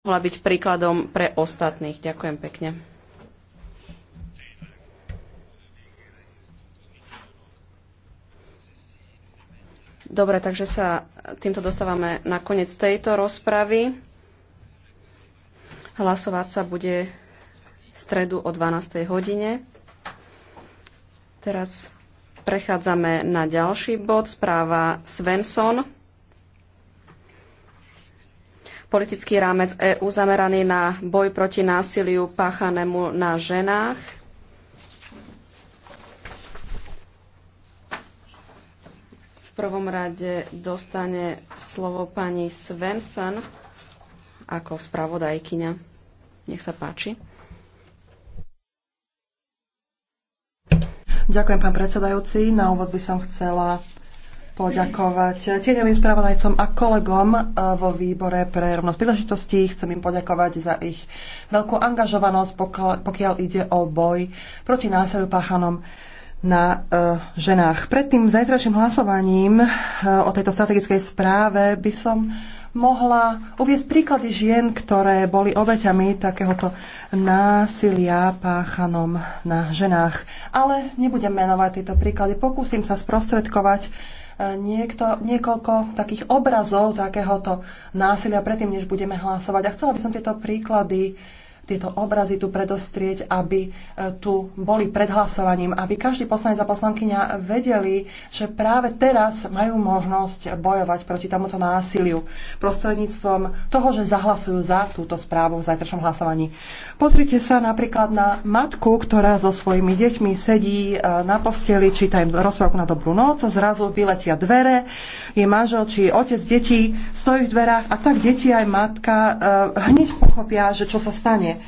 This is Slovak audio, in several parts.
mohla byť príkladom pre ostatných. Ďakujem pekne. Dobre, takže sa týmto dostávame na koniec tejto rozpravy. Hlasovať sa bude v stredu o 12. hodine. Teraz prechádzame na ďalší bod, správa Svensson politický rámec EÚ zameraný na boj proti násiliu páchanému na ženách. V prvom rade dostane slovo pani Svensson ako spravodajkyňa. Nech sa páči. Ďakujem, pán predsedajúci. Na úvod by som chcela poďakovať tieňovým spravodajcom a kolegom e, vo výbore pre rovnosť príležitostí. Chcem im poďakovať za ich veľkú angažovanosť, pokiaľ ide o boj proti násilu páchanom na uh, ženách. Pred tým zajtrajším hlasovaním uh, o tejto strategickej správe by som mohla uviezť príklady žien, ktoré boli obeťami takéhoto násilia páchanom na ženách. Ale nebudem menovať tieto príklady, pokúsim sa sprostredkovať E, niekto, niekoľko takých obrazov takéhoto násilia predtým, než budeme hlasovať. A chcela by som tieto príklady tieto obrazy tu predostrieť, aby e, tu boli pred hlasovaním, aby každý poslanec a poslankyňa vedeli, že práve teraz majú možnosť bojovať proti tomuto násiliu prostredníctvom toho, že zahlasujú za túto správu v zajtrajšom hlasovaní. Pozrite sa napríklad na matku, ktorá so svojimi deťmi sedí e, na posteli, číta im rozprávku na dobrú noc, zrazu vyletia dvere, je manžel či otec detí stojí v dverách a tak deti aj matka e, hneď pochopia, že čo sa stane.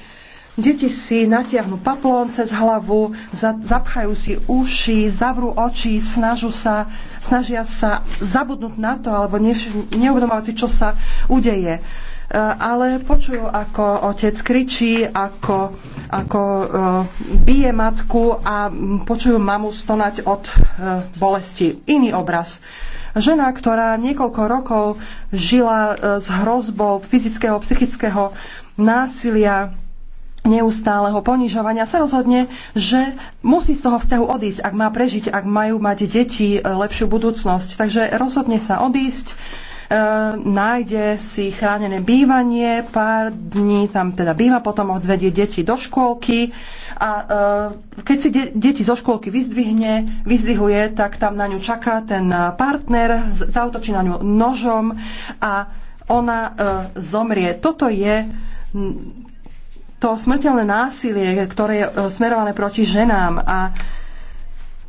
Deti si natiahnu paplón cez hlavu, zapchajú si uši, zavrú oči, snažu sa, snažia sa zabudnúť na to alebo neuvedomovať si, čo sa udeje e, ale počujú, ako otec kričí, ako, ako e, bije matku a počujú mamu stonať od e, bolesti. Iný obraz. Žena, ktorá niekoľko rokov žila s hrozbou fyzického, psychického násilia, neustáleho ponižovania sa rozhodne, že musí z toho vzťahu odísť, ak má prežiť, ak majú mať deti e, lepšiu budúcnosť. Takže rozhodne sa odísť, e, nájde si chránené bývanie, pár dní tam teda býva, potom odvedie deti do škôlky a e, keď si de- deti zo škôlky vyzdvihne, vyzdvihuje, tak tam na ňu čaká ten partner, zautočí na ňu nožom a ona e, zomrie. Toto je to smrteľné násilie, ktoré je e, smerované proti ženám a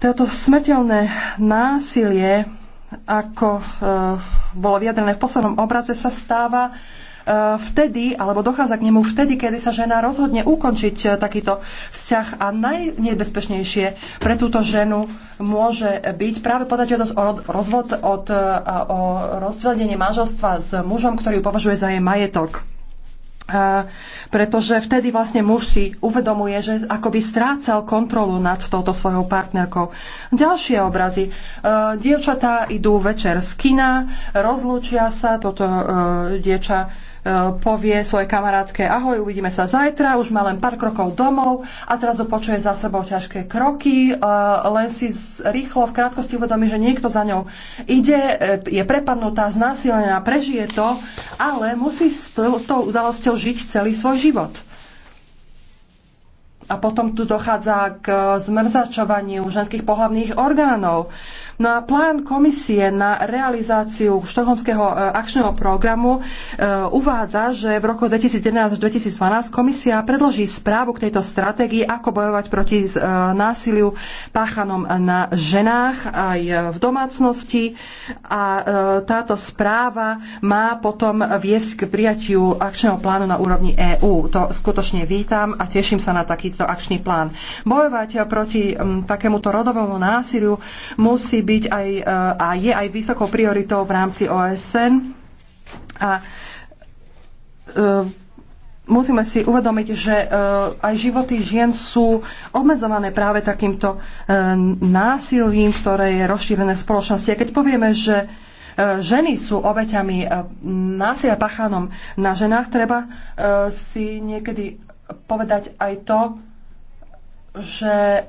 toto smrteľné násilie, ako e, bolo vyjadrené v poslednom obraze, sa stáva e, vtedy, alebo dochádza k nemu vtedy, kedy sa žena rozhodne ukončiť takýto vzťah a najnebezpečnejšie pre túto ženu môže byť práve podať žiadosť o rozvod od, o rozdelenie manželstva s mužom, ktorý ju považuje za jej majetok. E, pretože vtedy vlastne muž si uvedomuje, že akoby strácal kontrolu nad touto svojou partnerkou. Ďalšie obrazy. E, dievčatá idú večer z kina, rozlúčia sa, toto e, dievča povie svoje kamarátke ahoj, uvidíme sa zajtra, už má len pár krokov domov a zrazu počuje za sebou ťažké kroky, e, len si rýchlo v krátkosti uvedomí, že niekto za ňou ide, e, je prepadnutá, znásilnená, prežije to, ale musí s tou udalosťou žiť celý svoj život a potom tu dochádza k zmrzačovaniu ženských pohľavných orgánov. No a plán komisie na realizáciu štokholmského e, akčného programu e, uvádza, že v roku 2011 až 2012 komisia predloží správu k tejto stratégii, ako bojovať proti e, násiliu páchanom na ženách aj v domácnosti. A táto správa má potom viesť k prijatiu akčného plánu na úrovni EÚ. To skutočne vítam a teším sa na taký takýto akčný plán. Bojovať eh, proti mm, takémuto rodovému násiliu musí byť aj eh, a je aj vysokou prioritou v rámci OSN. A eh, musíme si uvedomiť, že aj životy žien sú obmedzované práve takýmto násilím, ktoré je rozšírené v spoločnosti. A keď povieme, že ženy sú obeťami násilia pachanom na ženách, treba si niekedy povedať aj to, že e,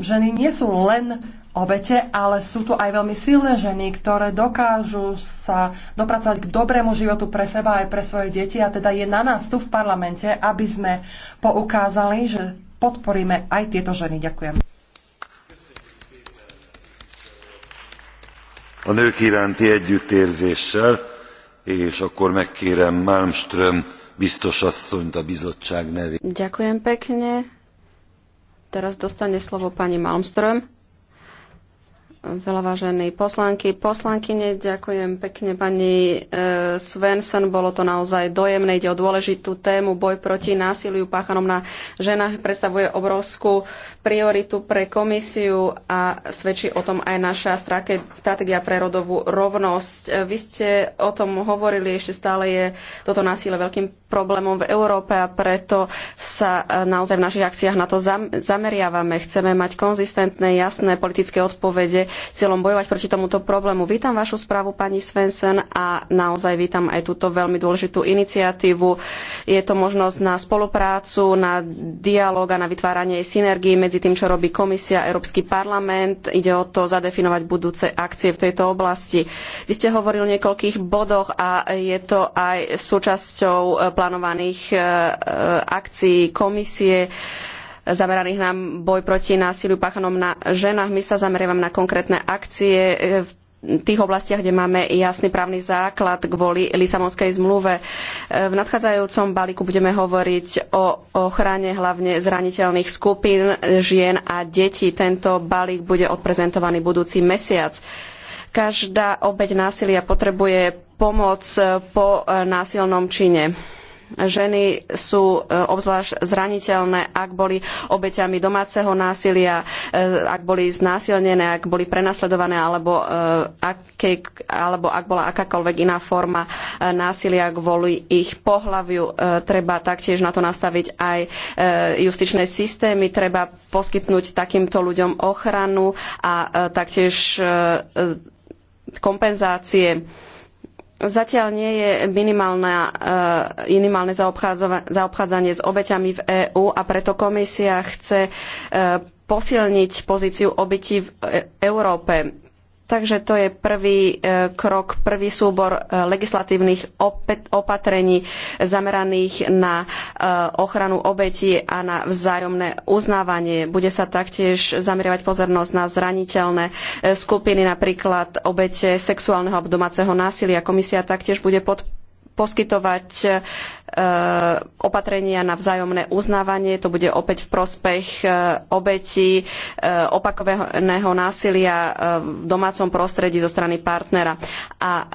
ženy nie sú len obete, ale sú tu aj veľmi silné ženy, ktoré dokážu sa dopracovať k dobrému životu pre seba aj pre svoje deti. A teda je na nás tu v parlamente, aby sme poukázali, že podporíme aj tieto ženy. Ďakujem. A nők iránti együttérzéssel, és akkor megkérem Malmström biztos asszonyt a bizottság nevében. Ďakujem pekne. Teraz dostane slovo pani Malmström. Veľa vážení poslanky, poslankyne, ďakujem pekne pani e, Svensson. Bolo to naozaj dojemné, ide o dôležitú tému. Boj proti násiliu páchanom na ženách predstavuje obrovskú prioritu pre komisiu a svedčí o tom aj naša stratégia pre rodovú rovnosť. Vy ste o tom hovorili, ešte stále je toto násilie veľkým problémom v Európe a preto sa e, naozaj v našich akciách na to zameriavame. Chceme mať konzistentné, jasné politické odpovede cieľom bojovať proti tomuto problému. Vítam vašu správu, pani Svensson, a naozaj vítam aj túto veľmi dôležitú iniciatívu. Je to možnosť na spoluprácu, na dialog a na vytváranie synergií medzi medzi tým, čo robí komisia, Európsky parlament. Ide o to zadefinovať budúce akcie v tejto oblasti. Vy ste hovorili o niekoľkých bodoch a je to aj súčasťou e, plánovaných e, e, akcií komisie zameraných na boj proti násiliu páchanom na ženách. My sa zameriavame na konkrétne akcie v tých oblastiach, kde máme jasný právny základ kvôli Lisabonskej zmluve. E, v nadchádzajúcom balíku budeme hovoriť o ochrane hlavne zraniteľných skupín žien a detí. Tento balík bude odprezentovaný budúci mesiac. Každá obeď násilia potrebuje pomoc po násilnom čine Ženy sú e, obzvlášť zraniteľné, ak boli obeťami domáceho násilia, e, ak boli znásilnené, ak boli prenasledované, alebo, e, aké, alebo ak bola akákoľvek iná forma násilia kvôli ich pohlaviu. Treba taktiež na to nastaviť aj justičné systémy, treba poskytnúť takýmto ľuďom ochranu a taktiež kompenzácie Zatiaľ nie je eh, minimálne zaobchádzanie s obeťami v EÚ a preto komisia chce eh, posilniť pozíciu obetí v e- Európe. Takže to je prvý e, krok, prvý súbor e, legislatívnych opatrení zameraných na e, ochranu obetí a na vzájomné uznávanie. Bude sa taktiež zameriavať pozornosť na zraniteľné skupiny, napríklad obete sexuálneho a domáceho násilia. Komisia taktiež bude podporovať poskytovať e, opatrenia na vzájomné uznávanie. To bude opäť v prospech e, obetí e, opakovaného násilia v domácom prostredí zo strany partnera. A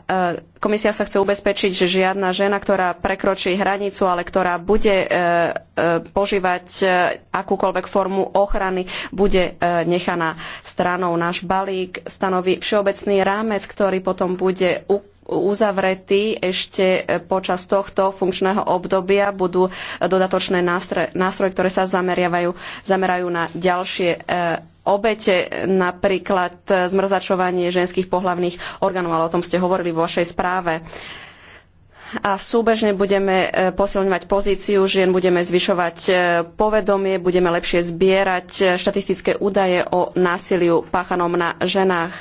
komisia sa chce ubezpečiť, že žiadna žena, ktorá prekročí hranicu, ale ktorá bude požívať akúkoľvek formu ochrany, bude nechaná stranou. Náš balík stanoví všeobecný rámec, ktorý potom bude uzavretí ešte počas tohto funkčného obdobia. Budú dodatočné nástroje, nástroje ktoré sa zameriavajú, zamerajú na ďalšie e, obete, napríklad zmrzačovanie ženských pohlavných orgánov, ale o tom ste hovorili vo vašej správe a súbežne budeme e, posilňovať pozíciu žien, budeme zvyšovať e, povedomie, budeme lepšie zbierať e, štatistické údaje o násiliu páchanom na ženách.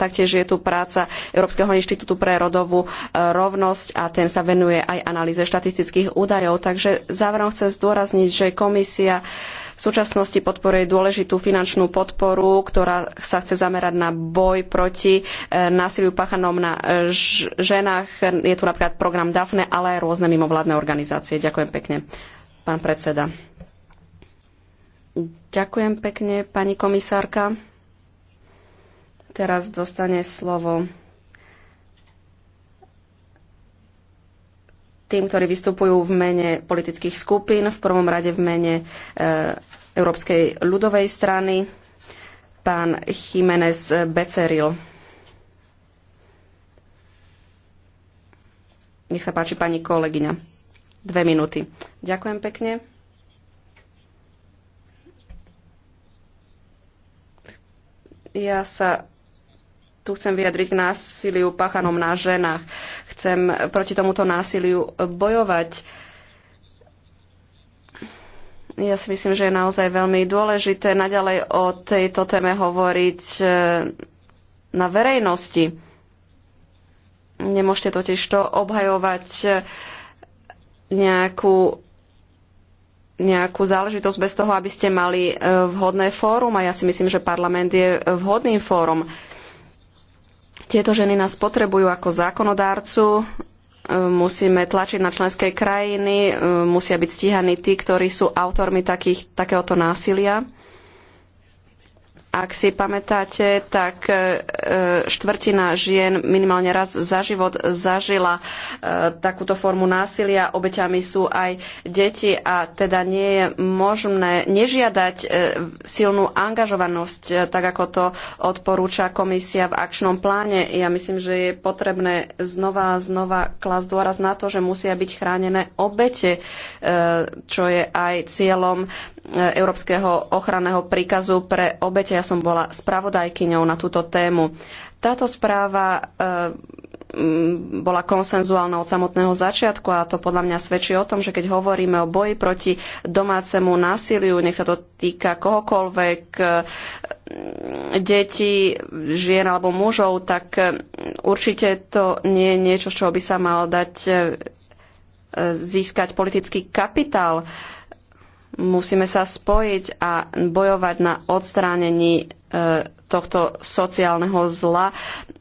Taktiež je tu práca Európskeho inštitútu pre rodovú rovnosť a ten sa venuje aj analýze štatistických údajov. Takže záverom chcem zdôrazniť, že komisia v súčasnosti podporuje dôležitú finančnú podporu, ktorá sa chce zamerať na boj proti e, násiliu páchanom na e, ženách. Je tu napríklad program DAFNE, ale aj rôzne mimovládne organizácie. Ďakujem pekne, pán predseda. Ďakujem pekne, pani komisárka. Teraz dostane slovo tým, ktorí vystupujú v mene politických skupín, v prvom rade v mene e, Európskej ľudovej strany, pán Jiménez Beceril. Nech sa páči, pani kolegyňa. Dve minúty. Ďakujem pekne. Ja sa tu chcem vyjadriť k násiliu páchanom na ženách. Chcem proti tomuto násiliu bojovať ja si myslím, že je naozaj veľmi dôležité naďalej o tejto téme hovoriť e, na verejnosti. Nemôžete totiž to obhajovať e, nejakú nejakú záležitosť bez toho, aby ste mali e, vhodné fórum a ja si myslím, že parlament je vhodným fórum. Tieto ženy nás potrebujú ako zákonodárcu, musíme tlačiť na členské krajiny, e, musia byť stíhaní tí, ktorí sú autormi takých, takéhoto násilia. Ak si pamätáte, tak e, štvrtina žien minimálne raz za život zažila e, takúto formu násilia. Obeťami sú aj deti a teda nie je možné nežiadať e, silnú angažovanosť, tak ako to odporúča komisia v akčnom pláne. Ja myslím, že je potrebné znova a znova klas dôraz na to, že musia byť chránené obete, čo je aj cieľom Európskeho ochranného príkazu pre obete. Ja som bola spravodajkyňou na túto tému. Táto správa eh, bola konsenzuálna od samotného začiatku a to podľa mňa svedčí o tom, že keď hovoríme o boji proti domácemu násiliu, nech sa to týka kohokoľvek, eh, detí, žien alebo mužov, tak eh, určite to nie je niečo, z čoho by sa mal dať získať politický kapitál. Uh, Musíme sa spojiť a bojovať na odstránení e, tohto sociálneho zla.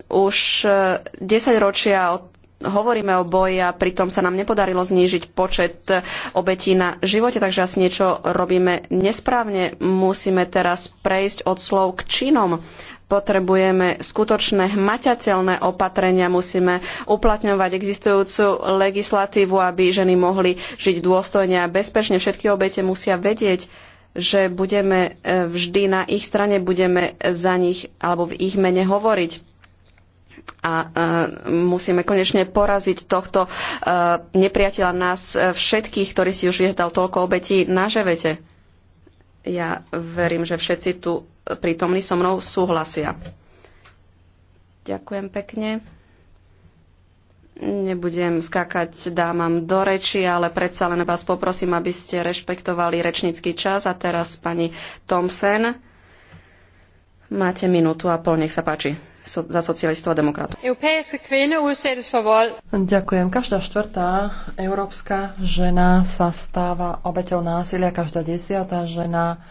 Už 10 e, ročia hovoríme o boji a pritom sa nám nepodarilo znížiť počet e, obetí na živote, takže asi niečo robíme nesprávne. Musíme teraz prejsť od slov k činom potrebujeme skutočné hmatateľné opatrenia, musíme uplatňovať existujúcu legislatívu, aby ženy mohli žiť dôstojne a bezpečne. Všetky obete musia vedieť, že budeme e, vždy na ich strane, budeme za nich alebo v ich mene hovoriť. A e, musíme konečne poraziť tohto e, nepriateľa nás všetkých, ktorý si už vyhľadal toľko obetí na ževete. Ja verím, že všetci tu prítomní so mnou súhlasia. Ďakujem pekne. Nebudem skákať dámam do reči, ale predsa len vás poprosím, aby ste rešpektovali rečnícky čas. A teraz pani Thompson, máte minútu a pol, nech sa páči, so, za socialistov a demokratov. Ďakujem. Každá štvrtá európska žena sa stáva obeťou násilia, každá desiatá žena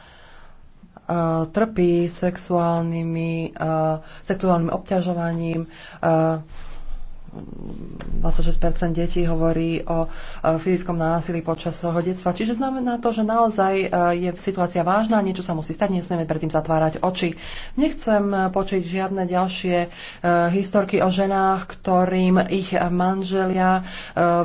uh, trpí sexuálnymi, uh, sexuálnym obťažovaním. Uh, eh, 26% detí hovorí o fyzickom násilí počas svojho detstva. Čiže znamená to, že naozaj je situácia vážna, niečo sa musí stať, nesmieme predtým zatvárať oči. Nechcem počuť žiadne ďalšie historky o ženách, ktorým ich manželia uh,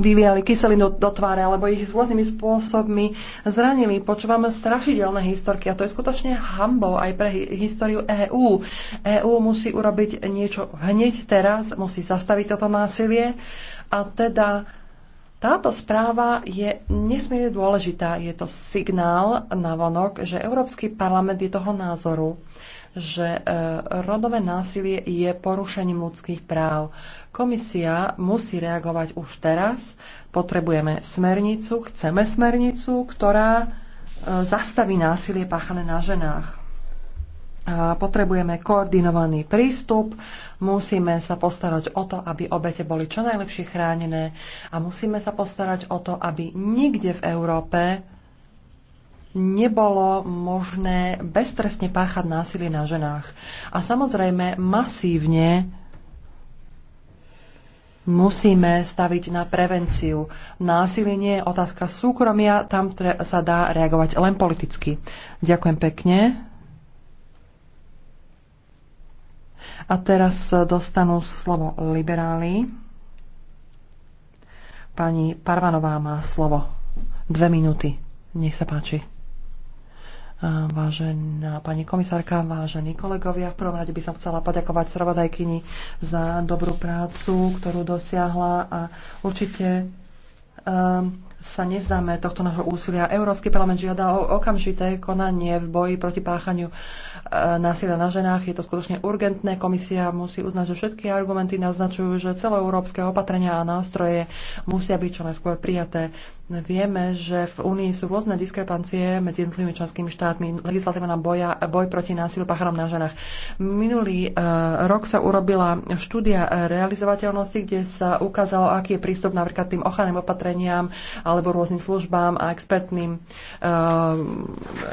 vyvíjali kyselinu do tváre, alebo ich rôznymi spôsobmi zranili. Počúvame strašidelné historky a to je skutočne hambou aj pre históriu EÚ. EÚ musí urobiť niečo hneď teraz, musí zastaviť toto násilie a teda táto správa je nesmierne dôležitá. Je to signál na vonok, že Európsky parlament je toho názoru, že e, rodové násilie je porušením ľudských práv. Komisia musí reagovať už teraz. Potrebujeme smernicu, chceme smernicu, ktorá e, zastaví násilie páchané na ženách. A potrebujeme koordinovaný prístup, musíme sa postarať o to, aby obete boli čo najlepšie chránené a musíme sa postarať o to, aby nikde v Európe nebolo možné beztrestne páchať násilie na ženách. A samozrejme masívne musíme staviť na prevenciu. Násilie nie je otázka súkromia, tam sa dá reagovať len politicky. Ďakujem pekne. A teraz dostanú slovo liberáli. Pani Parvanová má slovo. Dve minúty. Nech sa páči. Vážená pani komisárka, vážení kolegovia, v prvom rade by som chcela poďakovať Srovodajkyni za dobrú prácu, ktorú dosiahla a určite um, sa nevzdáme tohto nášho úsilia. Európsky parlament žiada o okamžité konanie v boji proti páchaniu e, násilia na ženách. Je to skutočne urgentné. Komisia musí uznať, že všetky argumenty naznačujú, že celoeurópske opatrenia a nástroje musia byť čo najskôr prijaté. Vieme, že v Únii sú rôzne diskrepancie medzi jednotlivými členskými štátmi. Legislatíva na boja, boj proti násilu páchanom na ženách. Minulý e, rok sa urobila štúdia realizovateľnosti, kde sa ukázalo, aký je prístup napríklad tým ochranným opatreniam a alebo rôznym službám a expertným, eh,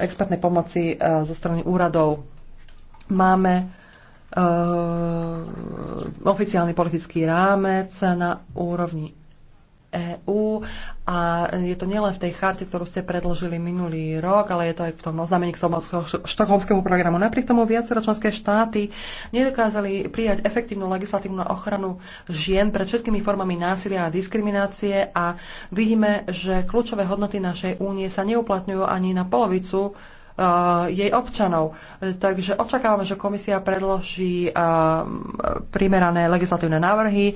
expertnej pomoci eh, zo strany úradov. Máme eh, oficiálny politický rámec na úrovni EÚ a je to nielen v tej charte, ktorú ste predložili minulý rok, ale je to aj v tom oznámení k štokholmskému programu. Napriek tomu viacero členské štáty nedokázali prijať efektívnu legislatívnu ochranu žien pred všetkými formami násilia a diskriminácie a vidíme, že kľúčové hodnoty našej únie sa neuplatňujú ani na polovicu Eh, jej občanov. Takže očakávame, že komisia predloží eh, primerané legislatívne návrhy. Eh,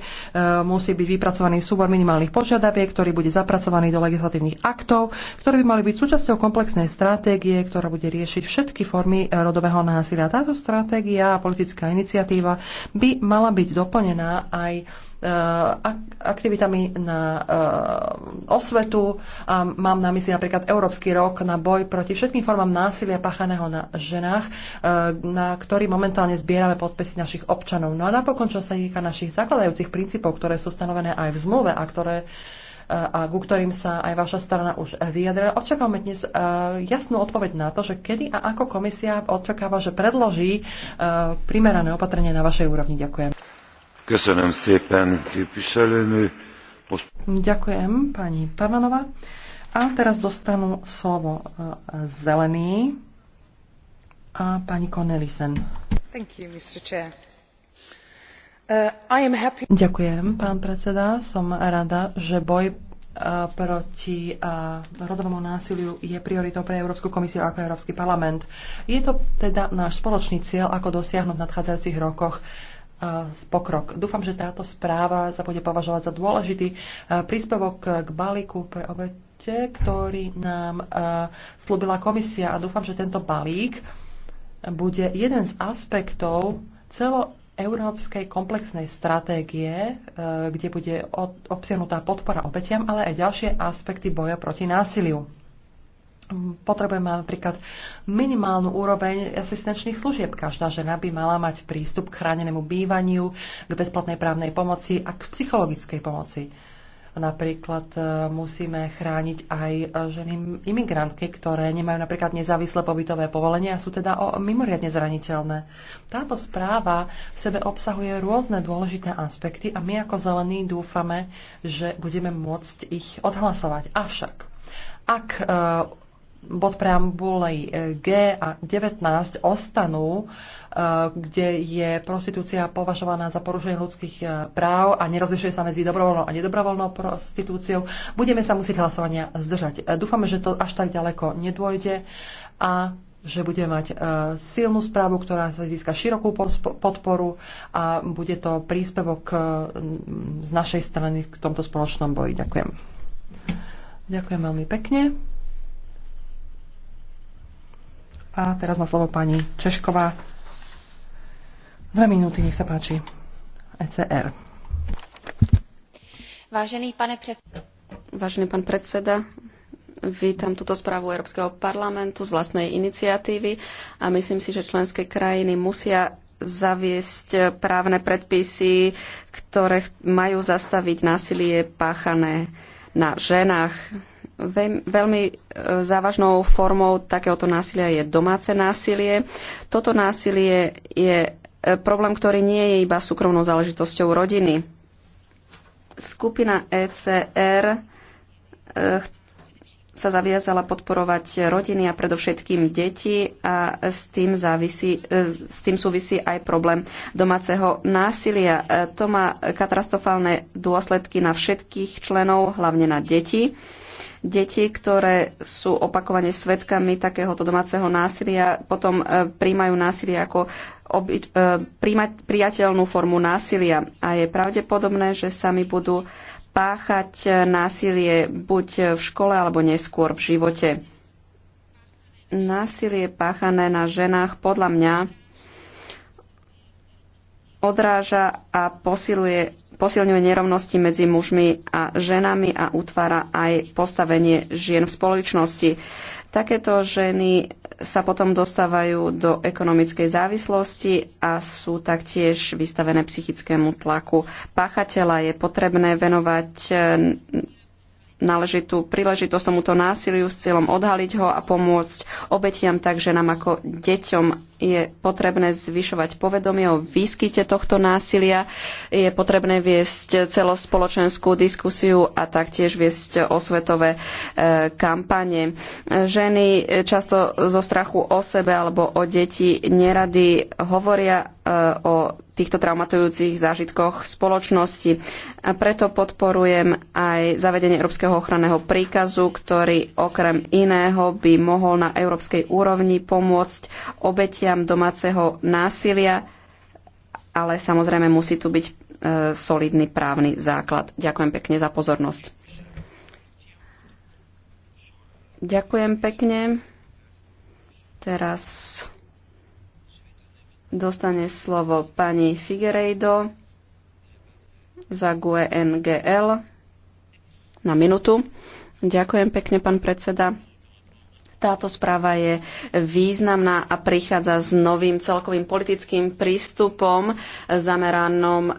musí byť vypracovaný súbor minimálnych požiadaviek, ktorý bude zapracovaný do legislatívnych aktov, ktoré by mali byť súčasťou komplexnej stratégie, ktorá bude riešiť všetky formy rodového násilia. Táto stratégia a politická iniciatíva by mala byť doplnená aj Eh, aktivitami na eh, osvetu. A mám na mysli napríklad Európsky rok na boj proti všetkým formám násilia páchaného na ženách, eh, na ktorý momentálne zbierame podpisy našich občanov. No a napokon, čo sa týka našich zakladajúcich princípov, ktoré sú stanovené aj v zmluve a ktoré a ku ktorým sa aj vaša strana už vyjadrila. Očakávame dnes jasnú odpoveď na to, že kedy a ako komisia očakáva, že predloží primerané opatrenie na vašej úrovni. Ďakujem. Köszönöm szépen, képviselőnő. Most... Ďakujem, pani Pavanova. A teraz dostanú slovo e, zelený a pani Cornelisen. Thank you, Mr. Chair. Uh, Ďakujem, pán predseda. Som rada, že boj e, proti uh, rodovému násiliu je prioritou pre Európsku komisiu ako Európsky parlament. Je to teda náš spoločný cieľ, ako dosiahnuť v nadchádzajúcich rokoch pokrok. Dúfam, že táto správa sa bude považovať za dôležitý e, príspevok k balíku pre obete, ktorý nám e, slúbila komisia a dúfam, že tento balík bude jeden z aspektov celo európskej komplexnej stratégie, e, kde bude obsiahnutá podpora obetiam, ale aj ďalšie aspekty boja proti násiliu. Potrebujeme napríklad minimálnu úroveň asistenčných služieb. Každá žena by mala mať prístup k chránenému bývaniu, k bezplatnej právnej pomoci a k psychologickej pomoci. Napríklad e, musíme chrániť aj e, ženy imigrantky, ktoré nemajú napríklad nezávislé pobytové povolenie a sú teda o, mimoriadne zraniteľné. Táto správa v sebe obsahuje rôzne dôležité aspekty a my ako zelení dúfame, že budeme môcť ich odhlasovať. Avšak, ak e, bod preambulej e, G a 19 ostanú, e, kde je prostitúcia považovaná za porušenie ľudských e, práv a nerozlišuje sa medzi dobrovoľnou a nedobrovoľnou prostitúciou, budeme sa musieť hlasovania zdržať. Dúfame, že to až tak ďaleko nedôjde a že bude mať silnú správu, ktorá sa získa širokú podporu a bude to príspevok z našej strany k tomto spoločnom boji. Ďakujem. Ďakujem veľmi pekne. A teraz má slovo pani Češková. Dve minúty, nech sa páči. ECR. Vážený, pane pred... Vážený pán predseda, vítam túto správu Európskeho parlamentu z vlastnej iniciatívy a myslím si, že členské krajiny musia zaviesť právne predpisy, ktoré majú zastaviť násilie páchané na ženách Veľmi e, závažnou formou takéhoto násilia je domáce násilie. Toto násilie je e, problém, ktorý nie je iba súkromnou záležitosťou rodiny. Skupina ECR e, sa zaviazala podporovať rodiny a predovšetkým deti a s tým, závisí, s tým súvisí aj problém domáceho násilia. To má katastrofálne dôsledky na všetkých členov, hlavne na deti Deti, ktoré sú opakovane svetkami takéhoto domáceho násilia, potom e, príjmajú násilie ako obi- e, priateľnú formu násilia a je pravdepodobné, že sami budú páchať e, násilie buď v škole alebo neskôr v živote. Násilie páchané na ženách podľa mňa odráža a posiluje posilňuje nerovnosti medzi mužmi a ženami a utvára aj postavenie žien v spoločnosti. Takéto ženy sa potom dostávajú do ekonomickej závislosti a sú taktiež vystavené psychickému tlaku. Páchateľa je potrebné venovať náležitú príležitosť tomuto násiliu s cieľom odhaliť ho a pomôcť obetiam takže nám ako deťom. Je potrebné zvyšovať povedomie o výskyte tohto násilia, je potrebné viesť celospoločenskú diskusiu a taktiež viesť osvetové e, kampane. Ženy často zo strachu o sebe alebo o deti nerady hovoria o týchto traumatizujúcich zážitkoch spoločnosti. A preto podporujem aj zavedenie Európskeho ochranného príkazu, ktorý okrem iného by mohol na európskej úrovni pomôcť obetiam domáceho násilia, ale samozrejme musí tu byť e, solidný právny základ. Ďakujem pekne za pozornosť. Ďakujem pekne. Teraz Dostane slovo pani Figueiredo za GUE NGL na minutu. Ďakujem pekne, pán predseda. Táto správa je významná a prichádza s novým celkovým politickým prístupom zameranom eh,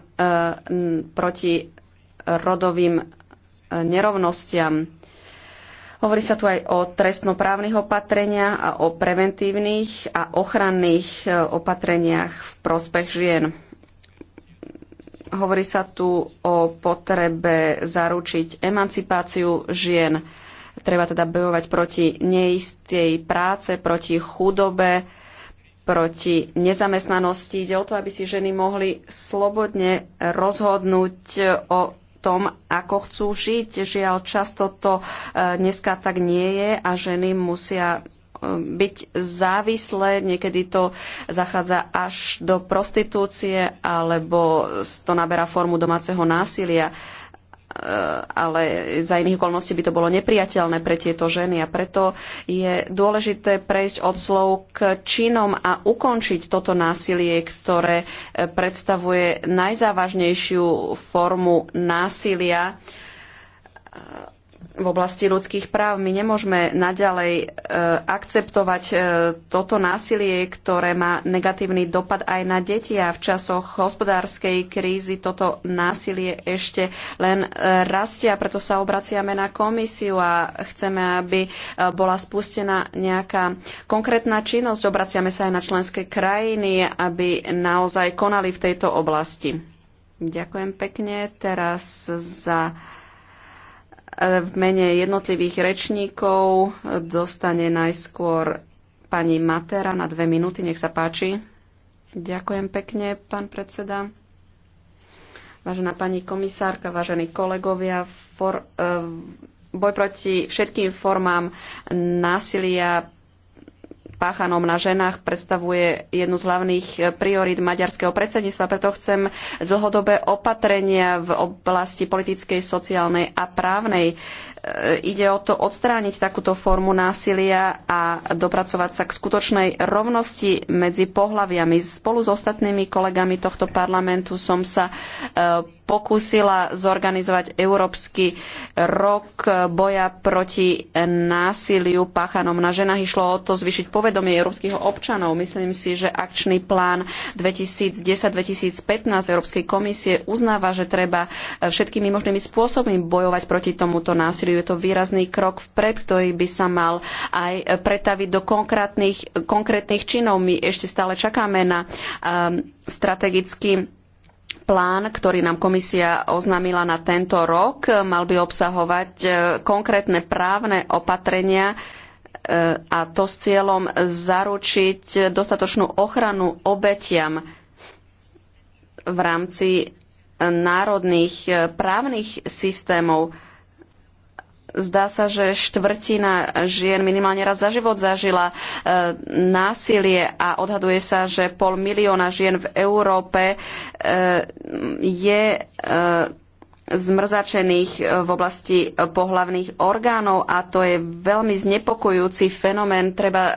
proti rodovým eh, nerovnostiam Hovorí sa tu aj o trestnoprávnych opatreniach a o preventívnych a ochranných e, opatreniach v prospech žien. Hovorí sa tu o potrebe zaručiť emancipáciu žien. Treba teda bojovať proti neistej práce, proti chudobe, proti nezamestnanosti. Ide o to, aby si ženy mohli slobodne rozhodnúť o tom, ako chcú žiť. Žiaľ, často to e, dneska tak nie je a ženy musia e, byť závislé, niekedy to zachádza až do prostitúcie alebo to naberá formu domáceho násilia Eh, ale za iných okolností by to bolo nepriateľné pre tieto ženy a preto je dôležité prejsť od slov k činom a ukončiť toto násilie, ktoré eh, predstavuje najzávažnejšiu formu násilia eh, v oblasti ľudských práv. My nemôžeme naďalej e, akceptovať e, toto násilie, ktoré má negatívny dopad aj na deti a v časoch hospodárskej krízy toto násilie ešte len e, rastie a preto sa obraciame na komisiu a chceme, aby bola spustená nejaká konkrétna činnosť. Obraciame sa aj na členské krajiny, aby naozaj konali v tejto oblasti. Ďakujem pekne. Teraz za v mene jednotlivých rečníkov dostane najskôr pani Matera na dve minúty. Nech sa páči. Ďakujem pekne, pán predseda. Vážená pani komisárka, vážení kolegovia, for, uh, boj proti všetkým formám násilia páchanom na ženách predstavuje jednu z hlavných eh, priorít maďarského predsedníctva, preto chcem dlhodobé opatrenia v oblasti politickej, sociálnej a právnej. Eh, ide o to odstrániť takúto formu násilia a dopracovať sa k skutočnej rovnosti medzi pohlaviami. Spolu s ostatnými kolegami tohto parlamentu som sa eh, pokúsila zorganizovať Európsky rok boja proti násiliu páchanom na ženách. Išlo o to zvyšiť povedomie európskych občanov. Myslím si, že akčný plán 2010-2015 Európskej komisie uznáva, že treba všetkými možnými spôsobmi bojovať proti tomuto násiliu. Je to výrazný krok vpred, ktorý by sa mal aj pretaviť do konkrétnych, konkrétnych činov. My ešte stále čakáme na um, strategický Plán, ktorý nám komisia oznámila na tento rok, mal by obsahovať e, konkrétne právne opatrenia e, a to s cieľom zaručiť dostatočnú ochranu obetiam v rámci národných e, právnych systémov Zdá sa, že štvrtina žien minimálne raz za život zažila e, násilie a odhaduje sa, že pol milióna žien v Európe e, je e, zmrzačených v oblasti pohlavných orgánov a to je veľmi znepokojujúci fenomén. Treba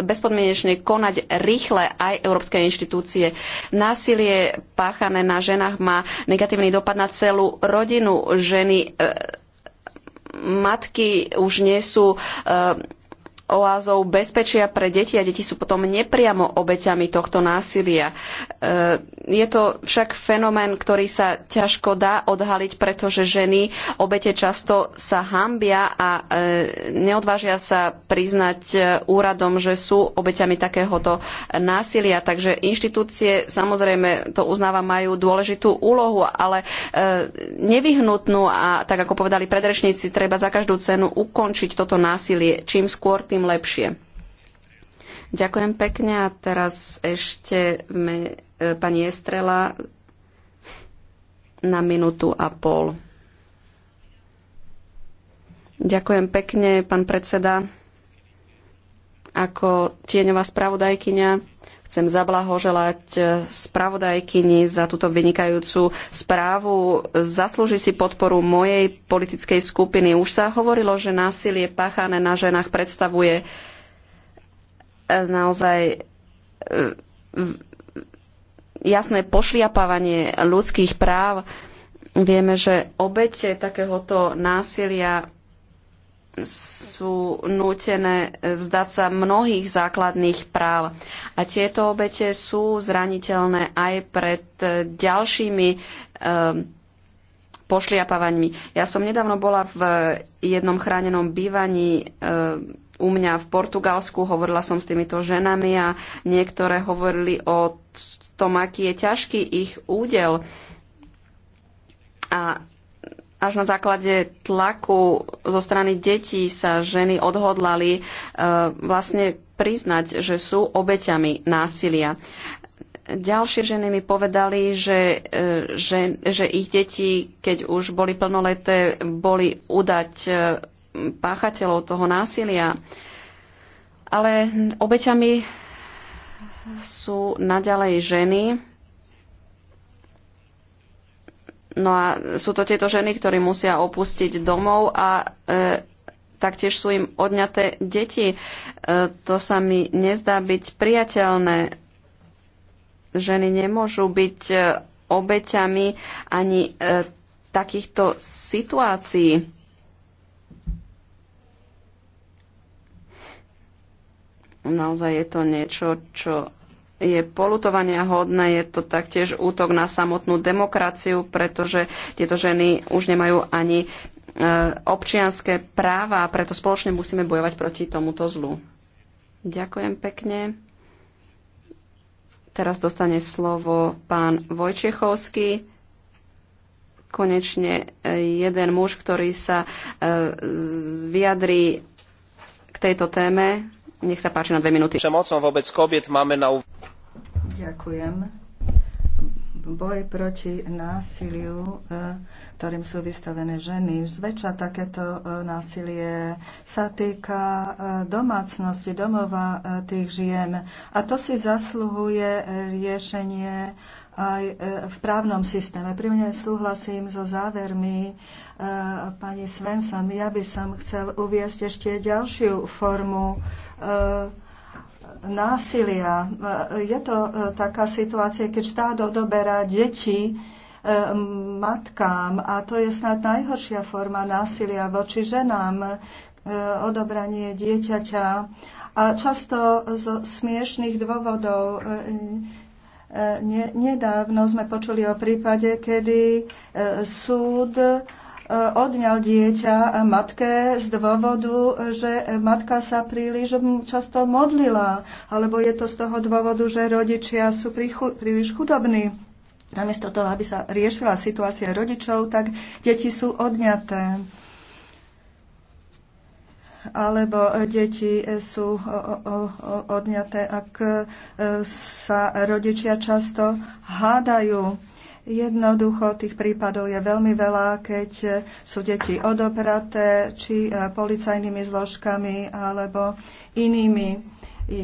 bezpodmienečne konať rýchle aj európske inštitúcie. Násilie páchané na ženách má negatívny dopad na celú rodinu. Ženy e, matky už nie sú eh, oázou bezpečia pre deti a deti sú potom nepriamo obeťami tohto násilia. E, je to však fenomén, ktorý sa ťažko dá odhaliť, pretože ženy obete často sa hambia a e, neodvážia sa priznať e, úradom, že sú obeťami takéhoto násilia. Takže inštitúcie samozrejme to uznáva majú dôležitú úlohu, ale nevyhnutnú a tak ako povedali predrečníci, treba za každú cenu ukončiť toto násilie. Čím skôr, tým tým lepšie. Ďakujem pekne a teraz ešte me, e, pani Estrela na minútu a pol. Ďakujem pekne, pán predseda. Ako tieňová spravodajkyňa Chcem zablahoželať eh, spravodajkyni za túto vynikajúcu správu. Zaslúži si podporu mojej politickej skupiny. Už sa hovorilo, že násilie páchané na ženách predstavuje eh, naozaj eh, jasné pošliapávanie ľudských práv. Vieme, že obete takéhoto násilia sú nútené vzdať sa mnohých základných práv. A tieto obete sú zraniteľné aj pred ďalšími e, ehm, pošliapavaňmi. Ja som nedávno bola v jednom chránenom bývaní e, u mňa v Portugalsku, hovorila som s týmito ženami a niektoré hovorili o tom, aký je ťažký ich údel. A až na základe tlaku zo strany detí sa ženy odhodlali e, vlastne priznať, že sú obeťami násilia. Ďalšie ženy mi povedali, že, e, že, že ich deti, keď už boli plnoleté, boli udať e, páchateľov toho násilia. Ale obeťami sú naďalej ženy, No a sú to tieto ženy, ktorí musia opustiť domov a e, taktiež sú im odňaté deti. E, to sa mi nezdá byť priateľné. Ženy nemôžu byť e, obeťami ani e, takýchto situácií. Naozaj je to niečo, čo je polutovania hodné, je to taktiež útok na samotnú demokraciu, pretože tieto ženy už nemajú ani e, občianské práva a preto spoločne musíme bojovať proti tomuto zlu. Ďakujem pekne. Teraz dostane slovo pán Vojčechovský. Konečne e, jeden muž, ktorý sa e, vyjadrí k tejto téme. Nech sa páči na dve minúty. Przemocą vôbec kobiet máme na Ďakujem. Boj proti násiliu, e, ktorým sú vystavené ženy. Zväčša takéto e, násilie sa týka e, domácnosti, domova tých žien. A to si zasluhuje riešenie aj v právnom systéme. Pri mne súhlasím so závermi pani Svensson. Ja by som chcel uviesť ešte ďalšiu formu násilia. E, je to e, taká situácia, keď štát odoberá deti e, matkám a to je snad najhoršia forma násilia voči ženám, odobranie dieťaťa a často zo smiešných dôvodov Nedávno sme počuli o prípade, kedy súd odňal dieťa matke z dôvodu, že matka sa príliš často modlila, alebo je to z toho dôvodu, že rodičia sú príliš chudobní. Namiesto toho, aby sa riešila situácia rodičov, tak deti sú odňaté alebo deti sú odňaté, ak sa rodičia často hádajú Jednoducho tých prípadov je veľmi veľa, keď sú deti odopraté či e, policajnými zložkami alebo inými e,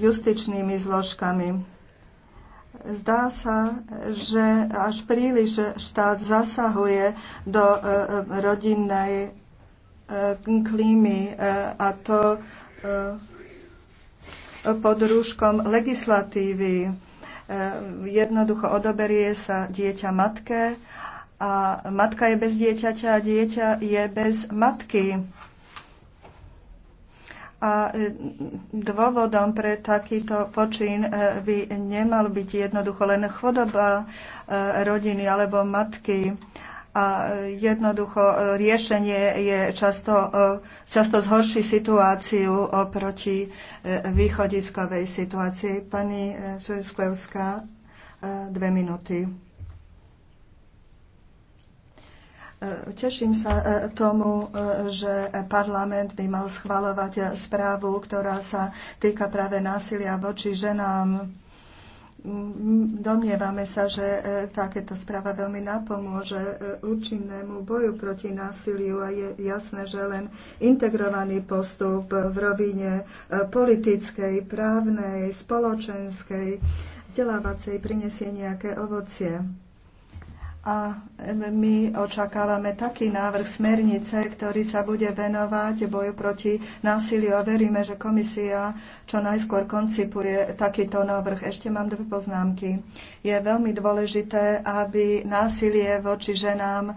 justičnými zložkami. Zdá sa, že až príliš štát zasahuje do e, rodinnej klímy a to pod rúškom legislatívy. Ehm, jednoducho odoberie sa dieťa matke a matka je bez dieťaťa a dieťa je bez matky. A ehm, dôvodom pre takýto počin ehm, by nemal byť jednoducho len chodoba rodiny alebo matky a jednoducho e, riešenie je často, e, často zhorší situáciu oproti e, východiskovej situácii. Pani Žesklevská, dve minúty. Teším sa tomu, že parlament by mal schvalovať správu, ktorá sa týka práve násilia voči ženám Domnievame sa, že e, takéto správa veľmi napomôže e, účinnému boju proti násiliu a je jasné, že len integrovaný postup v rovine e, politickej, právnej, spoločenskej, vzdelávacej prinesie nejaké ovocie. A my očakávame taký návrh smernice, ktorý sa bude venovať boju proti násiliu a veríme, že komisia čo najskôr koncipuje takýto návrh. Ešte mám dve poznámky. Je veľmi dôležité, aby násilie voči ženám eh,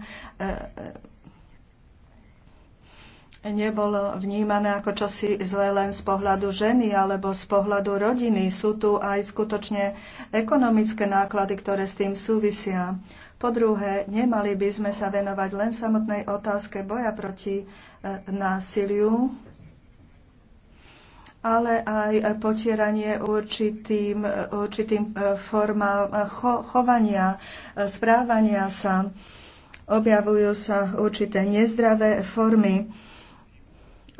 nebolo vnímané ako čosi zlé len z pohľadu ženy alebo z pohľadu rodiny. Sú tu aj skutočne ekonomické náklady, ktoré s tým súvisia po druhé, nemali by sme sa venovať len samotnej otázke boja proti e, násiliu, ale aj potieranie určitým, e, určitým e, formám cho, chovania, správania sa. Objavujú sa určité nezdravé formy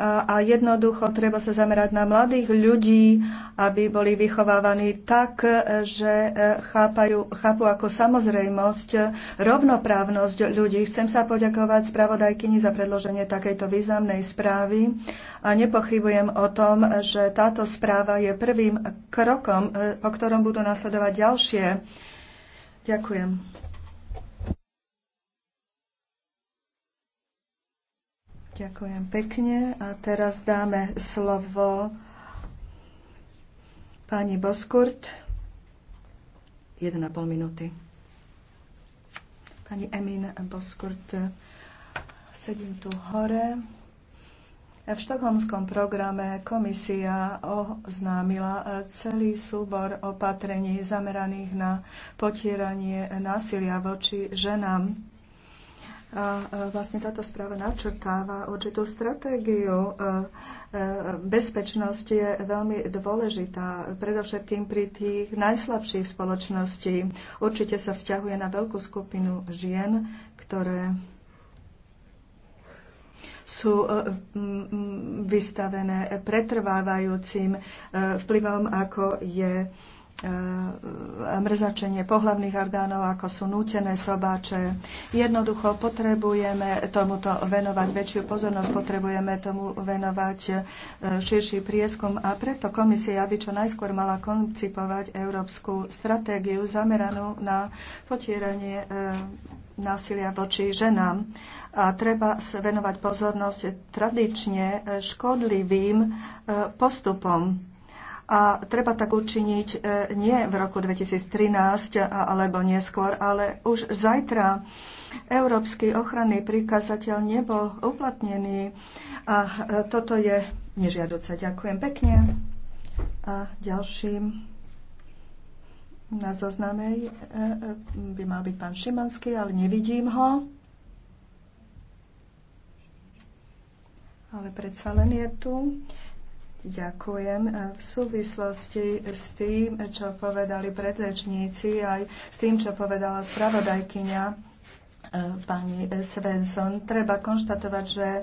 a jednoducho treba sa zamerať na mladých ľudí, aby boli vychovávaní tak, že e, chápajú, chápu ako samozrejmosť e, rovnoprávnosť ľudí. Chcem sa poďakovať spravodajkyni za predloženie takejto významnej správy a nepochybujem o tom, že táto správa je prvým krokom, e, po ktorom budú nasledovať ďalšie. Ďakujem. Ďakujem pekne a teraz dáme slovo pani Boskurt. 1,5 minúty. Pani Emin Boskurt, sedím tu hore. V štokholmskom programe komisia oznámila celý súbor opatrení zameraných na potieranie násilia voči ženám a vlastne táto správa načrtáva určitú stratégiu. Bezpečnosť je veľmi dôležitá, predovšetkým pri tých najslabších spoločností. Určite sa vzťahuje na veľkú skupinu žien, ktoré sú e, vystavené pretrvávajúcim e, vplyvom, ako je E, mrzačenie pohlavných orgánov, ako sú nútené sobáče. Jednoducho potrebujeme tomuto venovať väčšiu pozornosť, potrebujeme tomu venovať e, širší prieskum a preto komisia by čo najskôr mala koncipovať európsku stratégiu zameranú na potieranie e, násilia voči ženám. A treba venovať pozornosť tradične škodlivým postupom a treba tak učiniť e, nie v roku 2013 alebo neskôr, ale už zajtra. Európsky ochranný príkazateľ nebol uplatnený a e, toto je nežiaduce. Ďakujem pekne. A ďalším na zozname e, by mal byť pán Šimanský, ale nevidím ho. Ale predsa len je tu. Ďakujem. E, v súvislosti s tým, čo povedali predrečníci, aj s tým, čo povedala spravodajkyňa e, pani Svensson, treba konštatovať, že e,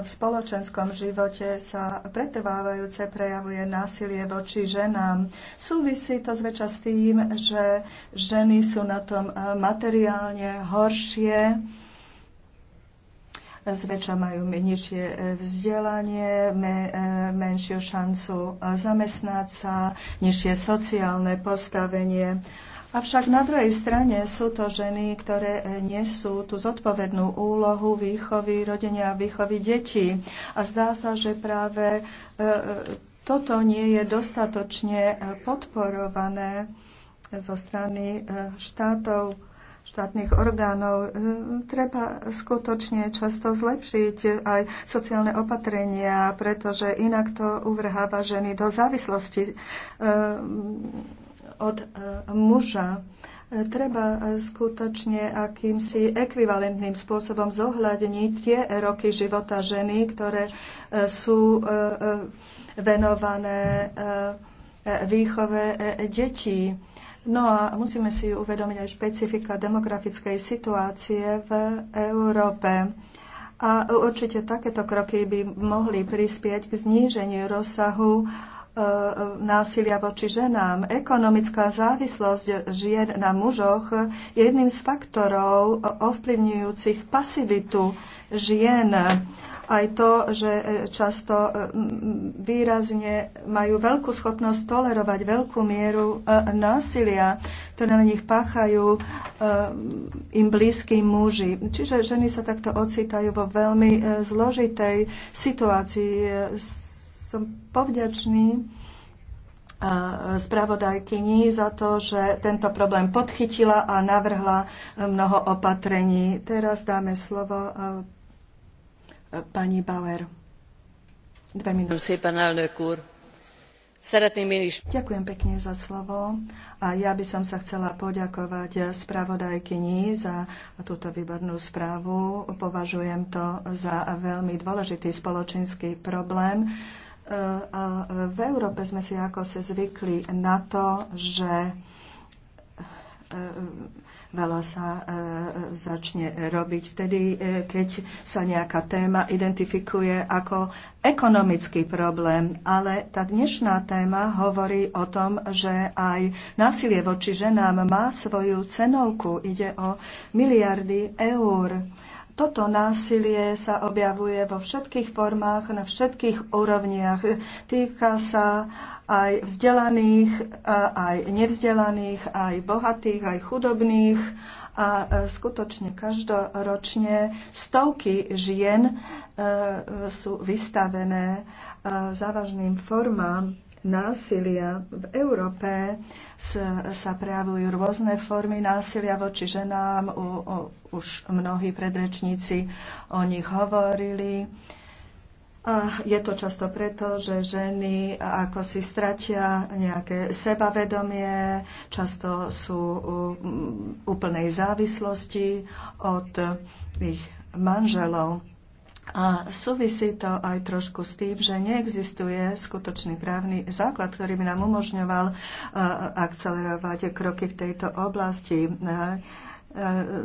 v spoločenskom živote sa pretrvávajúce prejavuje násilie voči ženám. Súvisí to zväčša s tým, že ženy sú na tom materiálne horšie zväčša majú nižšie e, vzdelanie, e, menšiu šancu e, zamestnať sa, nižšie sociálne postavenie. Avšak na druhej strane sú to ženy, ktoré nesú tú zodpovednú úlohu výchovy rodenia a výchovy detí. A zdá sa, že práve toto nie je dostatočne podporované zo strany štátov štátnych orgánov. Hm, treba skutočne často zlepšiť aj sociálne opatrenia, pretože inak to uvrháva ženy do závislosti hm, od hm, muža treba skutočne akýmsi ekvivalentným spôsobom zohľadniť tie roky života ženy, ktoré sú venované výchove detí No a musíme si uvedomiť aj špecifika demografickej situácie v Európe. A určite takéto kroky by mohli prispieť k zníženiu rozsahu e, násilia voči ženám. Ekonomická závislosť žien na mužoch je jedným z faktorov ovplyvňujúcich pasivitu žien aj to, že e, často e, výrazne majú veľkú schopnosť tolerovať veľkú mieru e, násilia, ktoré na nich páchajú im blízky muži. Čiže ženy sa takto ocitajú vo veľmi zložitej situácii. Som povďačný spravodajkyni za to, že tento problém podchytila a navrhla mnoho opatrení. Teraz dáme slovo Pani Bauer. Dve minúty. Ďakujem pekne za slovo a ja by som sa chcela poďakovať spravodajkyni za túto výbornú správu. Považujem to za veľmi dôležitý spoločenský problém. v Európe sme si ako sa zvykli na to, že Veľa sa e, e, začne robiť vtedy, e, keď sa nejaká téma identifikuje ako ekonomický problém, ale tá dnešná téma hovorí o tom, že aj násilie voči ženám má svoju cenovku. Ide o miliardy eur toto násilie sa objavuje vo všetkých formách, na všetkých úrovniach. Týka sa aj vzdelaných, aj nevzdelaných, aj bohatých, aj chudobných. A e, skutočne každoročne stovky žien e, e, sú vystavené závažným formám násilia. V Európe sa, sa prejavujú rôzne formy násilia voči ženám. U, u, už mnohí predrečníci o nich hovorili. A je to často preto, že ženy ako si stratia nejaké sebavedomie, často sú úplnej závislosti od ich manželov a súvisí to aj trošku s tým, že neexistuje skutočný právny základ, ktorý by nám umožňoval e, akcelerovať kroky v tejto oblasti e, e,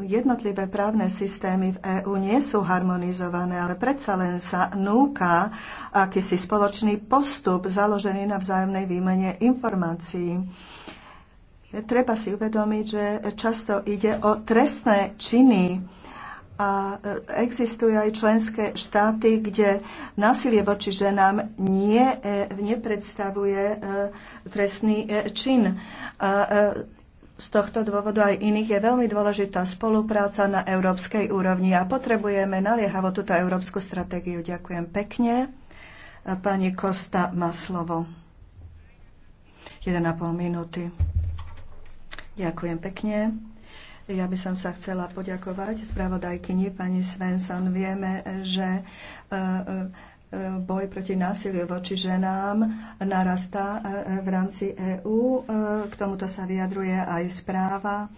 jednotlivé právne systémy v EÚ nie sú harmonizované, ale predsa len sa núka akýsi spoločný postup založený na vzájomnej výmene informácií. Treba si uvedomiť, že často ide o trestné činy, a e, existujú aj členské štáty, kde násilie voči ženám nie, e, nepredstavuje e, trestný čin. A z tohto dôvodu aj iných je veľmi dôležitá spolupráca na európskej úrovni a potrebujeme naliehavo túto európsku stratégiu. Ďakujem pekne. Pani Kosta má slovo. 1,5 minúty. Ďakujem pekne. Ja by som sa chcela poďakovať spravodajkyni pani Svensson. Vieme, že e, e, e, boj proti násiliu voči ženám narastá v rámci EÚ. K tomuto sa vyjadruje aj správa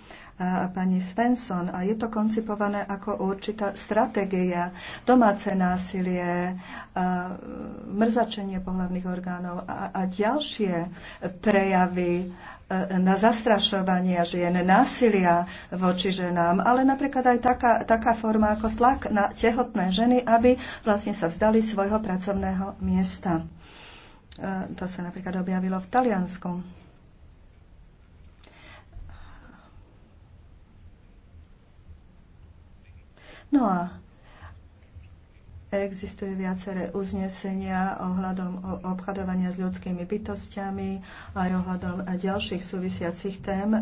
pani Svensson a je to koncipované ako určitá stratégia, domáce násilie, mrzačenie pohľavných orgánov a, a ďalšie prejavy E, na zastrašovania žien, násilia voči ženám, ale napríklad aj taká, taká forma ako tlak na tehotné ženy, aby vlastne sa vzdali svojho pracovného miesta. E, to sa napríklad objavilo v Taliansku. No a Existujú viaceré uznesenia ohľadom obchodovania s ľudskými bytostiami aj ohľadom ďalších súvisiacich tém. E,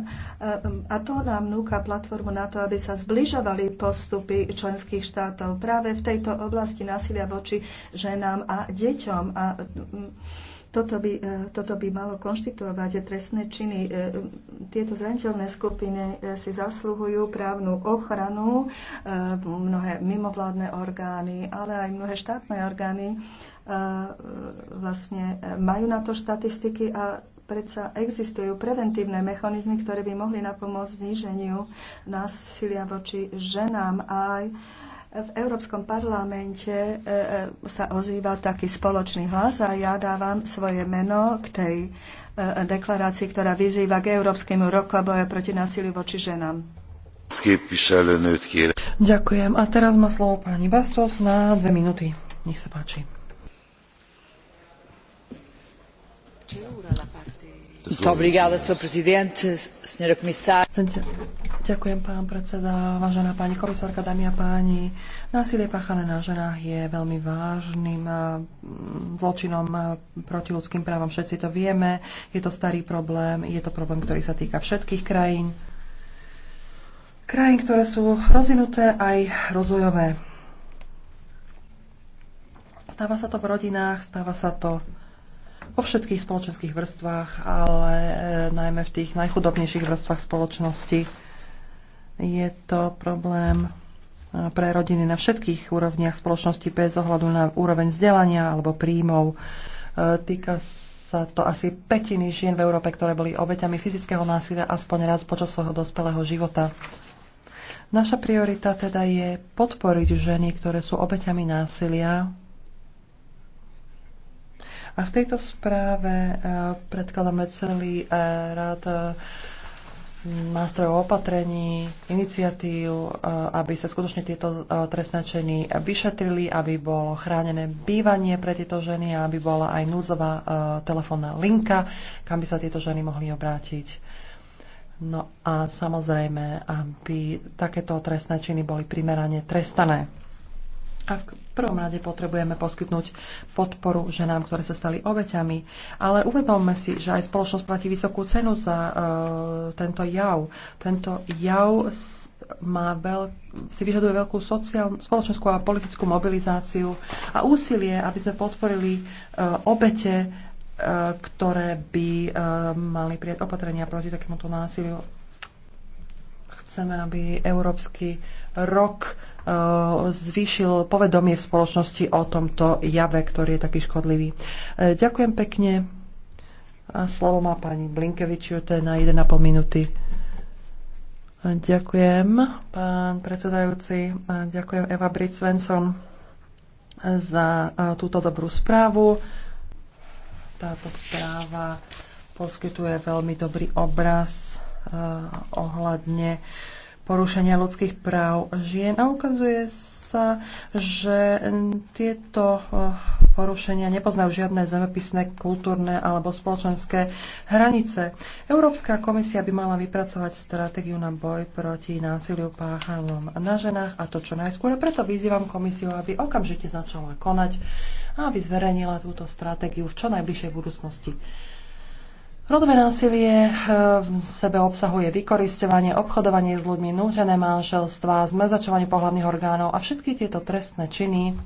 a to nám núka platformu na to, aby sa zbližovali postupy členských štátov práve v tejto oblasti násilia voči ženám a deťom. A toto by, e, toto by malo konštituovať trestné činy. E, tieto zraniteľné skupiny e, si zasluhujú právnu ochranu, mnohé mimovládne orgány, ale aj mnohé štátne orgány vlastne majú na to štatistiky a predsa existujú preventívne mechanizmy, ktoré by mohli napomôcť zníženiu násilia voči ženám aj v Európskom parlamente e, e, sa ozýva taký spoločný hlas a ja dávam svoje meno k tej e, deklarácii, ktorá vyzýva k Európskemu roku a boja proti násiliu voči ženám. Ďakujem. A teraz má slovo pani Bastos na dve minúty. Nech sa páči. Ďakujem, pán predseda, vážená pani komisárka, dámy a páni. Násilie páchané na ženách je veľmi vážnym eh, zločinom eh, proti ľudským právam. Všetci to vieme. Je to starý problém. Je to problém, ktorý sa týka všetkých krajín. Krajín, ktoré sú rozvinuté aj rozvojové. Stáva sa to v rodinách, stáva sa to vo všetkých spoločenských vrstvách, ale e, najmä v tých najchudobnejších vrstvách spoločnosti. Je to problém e, pre rodiny na všetkých úrovniach spoločnosti bez ohľadu na úroveň vzdelania alebo príjmov. E, týka sa to asi petiny žien v Európe, ktoré boli obeťami fyzického násilia aspoň raz počas svojho dospelého života. Naša priorita teda je podporiť ženy, ktoré sú obeťami násilia a v tejto správe e, predkladáme celý e, rád e, nástrojov opatrení, iniciatív, aby sa skutočne tieto trestné činy vyšetrili, aby bolo chránené bývanie pre tieto ženy a aby bola aj núdzová telefónna linka, kam by sa tieto ženy mohli obrátiť. No a samozrejme, aby takéto trestné činy boli primerane trestané. A v prvom rade potrebujeme poskytnúť podporu ženám, ktoré sa stali obeťami. Ale uvedomme si, že aj spoločnosť platí vysokú cenu za uh, tento jav. Tento jav má veľ, si vyžaduje veľkú sociál, spoločenskú a politickú mobilizáciu a úsilie, aby sme podporili uh, obete, uh, ktoré by uh, mali prijať opatrenia proti takémuto násiliu. Chceme, aby Európsky rok Eh, zvýšil povedomie v spoločnosti o tomto jave, ktorý je taký škodlivý. Eh, ďakujem pekne. A slovo má pani je na 1,5 minúty. Eh, ďakujem, pán predsedajúci. Ďakujem Eva Brit Svensson za túto dobrú správu. Táto správa poskytuje veľmi dobrý obraz ohľadne porušenia ľudských práv žien a ukazuje sa, že tieto eh, porušenia nepoznajú žiadne zemepisné, kultúrne alebo spoločenské hranice. Európska komisia by mala vypracovať stratégiu na boj proti násiliu páchanom na ženách a to čo najskôr. preto vyzývam komisiu, aby okamžite začala konať a aby zverejnila túto stratégiu v čo najbližšej budúcnosti. Rodové násilie eh, v sebe obsahuje vykoristovanie, obchodovanie s ľuďmi, nútené manželstva, zmezačovanie pohľadných orgánov a všetky tieto trestné činy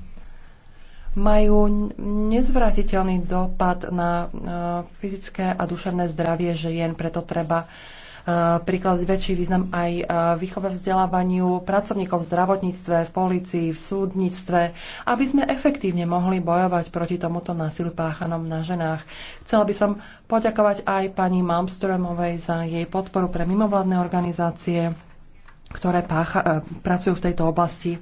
majú nezvratiteľný dopad na eh, fyzické a duševné zdravie žien, preto treba Eh, prikladať väčší význam aj eh, výchove vzdelávaniu pracovníkov v zdravotníctve, v polícii, v súdnictve, aby sme efektívne mohli bojovať proti tomuto násilu páchanom na ženách. Chcela by som poďakovať aj pani Malmströmovej za jej podporu pre mimovládne organizácie, ktoré pácha, eh, pracujú v tejto oblasti.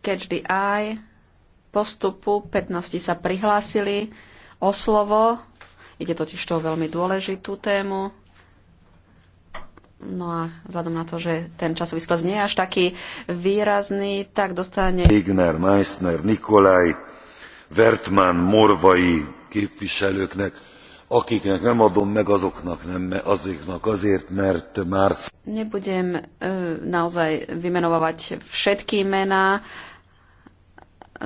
Catch the Eye postupu. 15 sa prihlásili o slovo. Ide totiž to o veľmi dôležitú tému. No a vzhľadom na to, že ten časový sklad nie je až taký výrazný, tak dostane... Wigner, Meissner, Nikolaj, Vertman, Morvai képviselőknek, akiknek nem adom meg, azoknak nem, azoknak azért, mert már... Nebudem uh, naozaj vymenovať všetky mená, uh,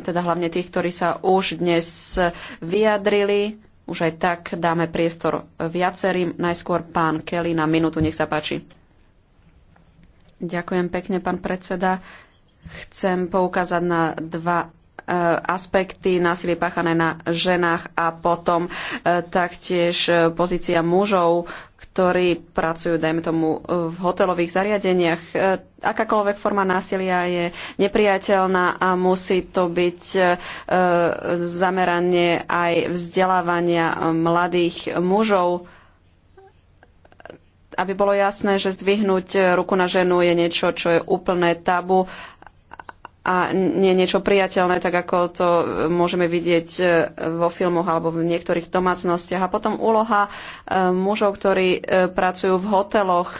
teda hlavne tých, ktorí sa už dnes vyjadrili. Už aj tak dáme priestor viacerým. Najskôr pán Kelly na minútu, nech sa páči. Ďakujem pekne, pán predseda. Chcem poukázať na dva Eh, aspekty násilie páchané na ženách a potom eh, taktiež eh, pozícia mužov, ktorí pracujú, dajme tomu, v hotelových zariadeniach. Akákoľvek forma násilia je nepriateľná a musí to byť zameranie aj vzdelávania mladých mužov aby bolo jasné, že zdvihnúť ruku na ženu je niečo, čo je úplné tabu a nie niečo priateľné, tak ako to môžeme vidieť e, vo filmoch alebo v niektorých domácnostiach. A potom úloha e, mužov, ktorí e, pracujú v hoteloch,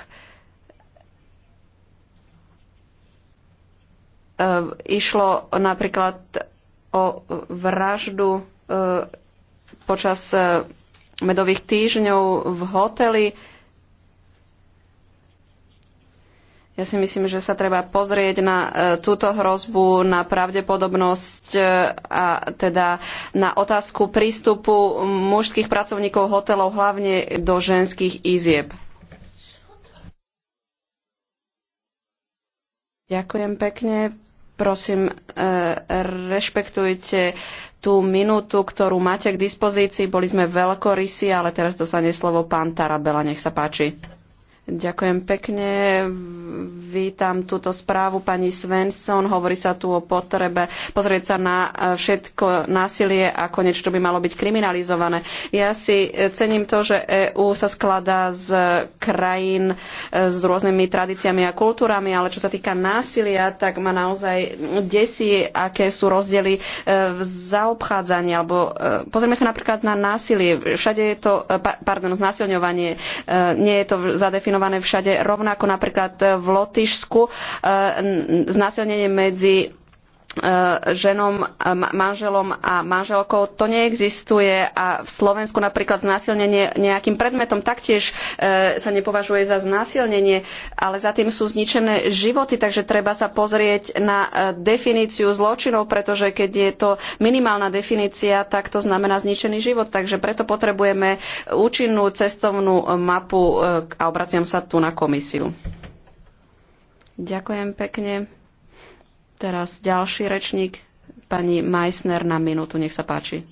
išlo napríklad o vraždu počas medových týždňov v hoteli, Ja si myslím, že sa treba pozrieť na e, túto hrozbu, na pravdepodobnosť e, a teda na otázku prístupu mužských pracovníkov hotelov hlavne do ženských izieb. Ďakujem pekne. Prosím, e, rešpektujte tú minútu, ktorú máte k dispozícii. Boli sme veľkorysi, ale teraz dostane slovo pán Tarabela. Nech sa páči. Ďakujem pekne. Vítam túto správu pani Svensson. Hovorí sa tu o potrebe pozrieť sa na e, všetko násilie ako niečo, čo by malo byť kriminalizované. Ja si e, cením to, že EÚ sa skladá z krajín e, s rôznymi tradíciami a kultúrami, ale čo sa týka násilia, tak ma naozaj desí, aké sú rozdiely v zaobchádzaní. Alebo pozrieme sa napríklad na násilie. Všade je to, pardon, znásilňovanie. Nie je to zadefinované všade rovnako napríklad v v Lotyšsku e, znásilnenie medzi e, ženom, manželom a manželkou. To neexistuje a v Slovensku napríklad znásilnenie nejakým predmetom taktiež e, sa nepovažuje za znásilnenie, ale za tým sú zničené životy, takže treba sa pozrieť na definíciu zločinov, pretože keď je to minimálna definícia, tak to znamená zničený život. Takže preto potrebujeme účinnú cestovnú mapu a obraciam sa tu na komisiu. Ďakujem pekne. Teraz ďalší rečník, pani Meissner na minútu, nech sa páči.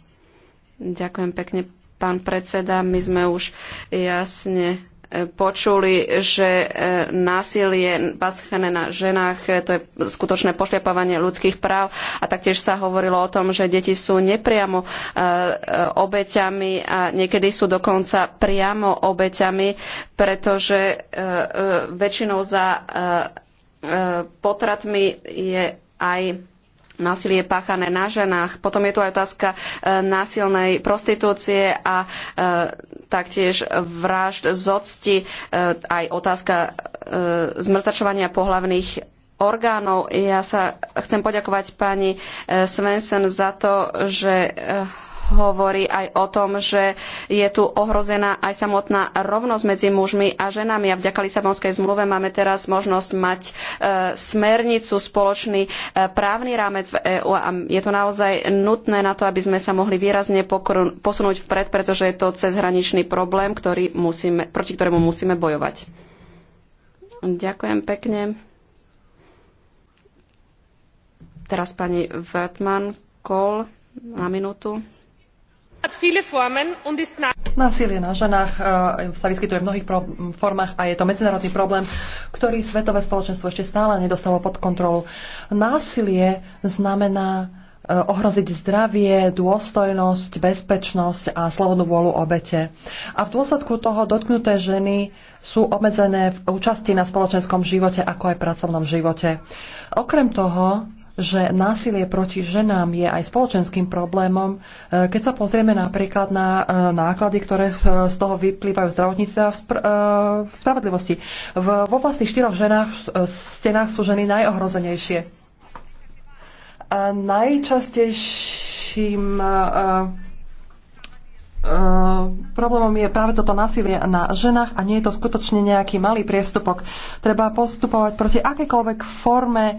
Ďakujem pekne, pán predseda. My sme už jasne e, počuli, že e, násilie paschené na ženách, e, to je skutočné pošliapávanie ľudských práv a taktiež sa hovorilo o tom, že deti sú nepriamo obeťami a niekedy sú dokonca priamo obeťami, pretože väčšinou za potratmi je aj násilie páchané na ženách. Potom je tu aj otázka e, násilnej prostitúcie a e, taktiež vražd z octi, e, aj otázka zmrzačovania pohlavných orgánov. Ja sa chcem poďakovať pani Svensen za to, že hovorí aj o tom, že je tu ohrozená aj samotná rovnosť medzi mužmi a ženami. A vďaka Lisabonskej zmluve máme teraz možnosť mať e, smernicu, spoločný e, právny rámec v EÚ a je to naozaj nutné na to, aby sme sa mohli výrazne posunúť vpred, pretože je to cezhraničný problém, ktorý musíme, proti ktorému musíme bojovať. Ďakujem pekne. Teraz pani Wertmann Kohl na minútu. Násilie na ženách eh, sa vyskytuje v mnohých formách a je to medzinárodný problém, ktorý svetové spoločenstvo ešte stále nedostalo pod kontrolu. Násilie znamená eh, ohroziť zdravie, dôstojnosť, bezpečnosť a slobodnú vôľu obete. A v dôsledku toho dotknuté ženy sú obmedzené v účasti na spoločenskom živote ako aj pracovnom živote. Okrem toho, že násilie proti ženám je aj spoločenským problémom. E, keď sa pozrieme napríklad na e, náklady, ktoré z toho vyplývajú v zdravotníctve a v, e, v spravodlivosti. V, vo vlastných štyroch ženách, stenách sú ženy najohrozenejšie. A najčastejším Ehm, problémom je práve toto násilie na ženách a nie je to skutočne nejaký malý priestupok. Treba postupovať proti akékoľvek forme e,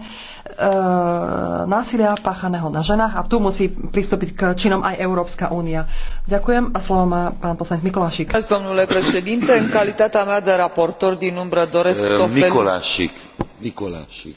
násilia páchaného na ženách a tu musí pristúpiť k činom aj Európska únia. Ďakujem a slovo má pán poslanec Mikolášik. Domnule președinte, în calitatea mea de raportor din umbră doresc ehm, să Mikolášik. Mikolášik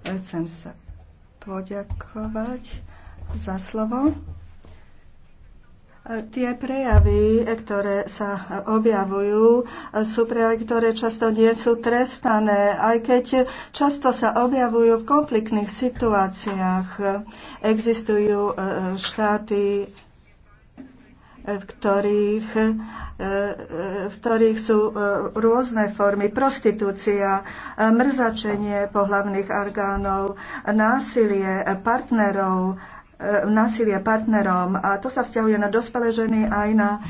Chcem sa poďakovať za slovo. E, tie prejavy, e, ktoré sa objavujú, e, sú prejavy, ktoré často nie sú trestané, aj keď často sa objavujú v konfliktných situáciách. Existujú štáty, v ktorých, e, e, v ktorých sú e, rôzne formy prostitúcia, mrzačenie pohlavných orgánov, násilie partnerov, násilie partnerom a to sa vzťahuje na dospelé ženy aj na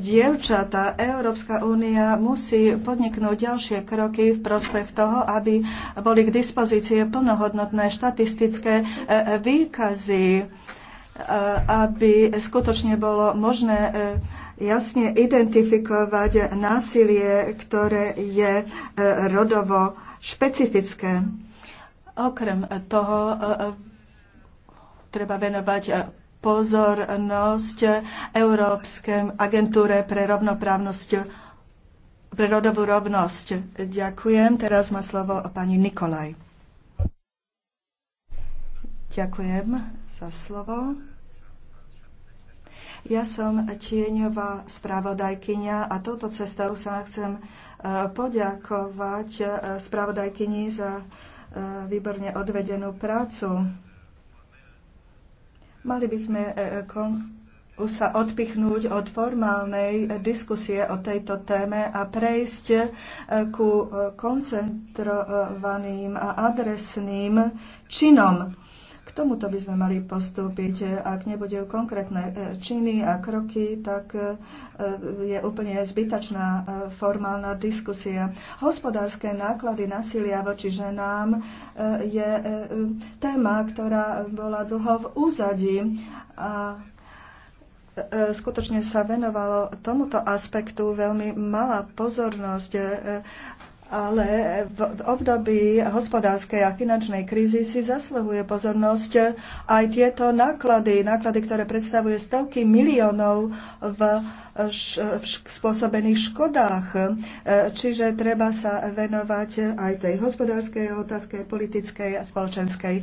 dievčata. Európska únia musí podniknúť ďalšie kroky v prospech toho, aby boli k dispozícii plnohodnotné štatistické výkazy aby skutočne bolo možné e, jasne identifikovať násilie, ktoré je e, rodovo špecifické. Okrem toho e, treba venovať pozornosť Európskej agentúre pre rovnoprávnosť pre rodovú rovnosť. Ďakujem. Teraz má slovo pani Nikolaj. Ďakujem za slovo. Ja som tieňová spravodajkynia a touto cestou sa chcem e, poďakovať e, spravodajkyni za e, výborne odvedenú prácu. Mali by sme sa odpichnúť od formálnej diskusie o tejto téme a prejsť ku koncentrovaným a adresným činom k tomuto by sme mali postúpiť. Ak nebudú konkrétne e, činy a kroky, tak e, je úplne zbytačná e, formálna diskusia. Hospodárske náklady nasilia voči ženám je téma, ktorá bola dlho v úzadí. A skutočne sa venovalo tomuto aspektu veľmi malá pozornosť ale v období hospodárskej a finančnej krízy si zasluhuje pozornosť aj tieto náklady, náklady, ktoré predstavuje stovky miliónov v, v spôsobených škodách. E, čiže treba sa venovať aj tej hospodárskej otázke, politickej a spoločenskej e,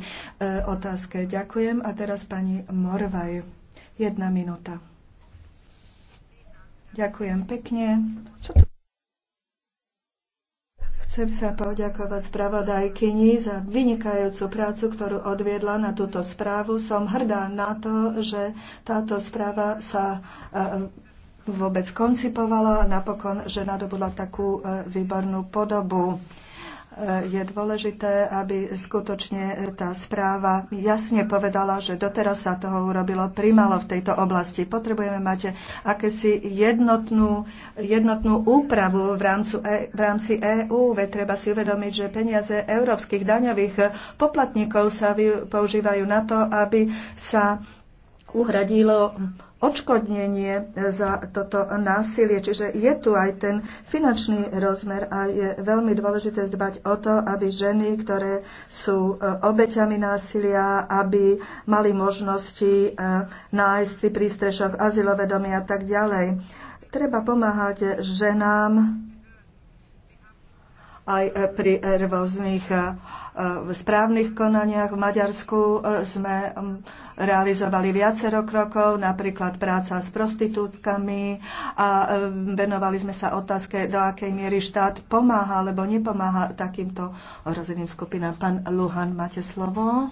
otázke. Ďakujem. A teraz pani Morvaj. Jedna minúta. Ďakujem pekne. Čo to... Chcem sa poďakovať spravodajkyni za vynikajúcu prácu, ktorú odviedla na túto správu. Som hrdá na to, že táto správa sa e, vôbec koncipovala a napokon, že nadobudla takú e, výbornú podobu je dôležité, aby skutočne tá správa jasne povedala, že doteraz sa toho urobilo primalo v tejto oblasti. Potrebujeme mať akési jednotnú, jednotnú úpravu v, rámcu, e, v rámci EÚ. Veď treba si uvedomiť, že peniaze európskych daňových poplatníkov sa používajú na to, aby sa uhradilo odškodnenie za toto násilie. Čiže je tu aj ten finančný rozmer a je veľmi dôležité dbať o to, aby ženy, ktoré sú e, obeťami násilia, aby mali možnosti e, nájsť si prístrešok, azylové domy a tak ďalej. Treba pomáhať ženám aj e, pri rôznych správnych konaniach. V Maďarsku sme realizovali viacero krokov, napríklad práca s prostitútkami a e, venovali sme sa otázke, do akej miery štát pomáha alebo nepomáha takýmto ohrozeným skupinám. Pán Luhan, máte slovo. E,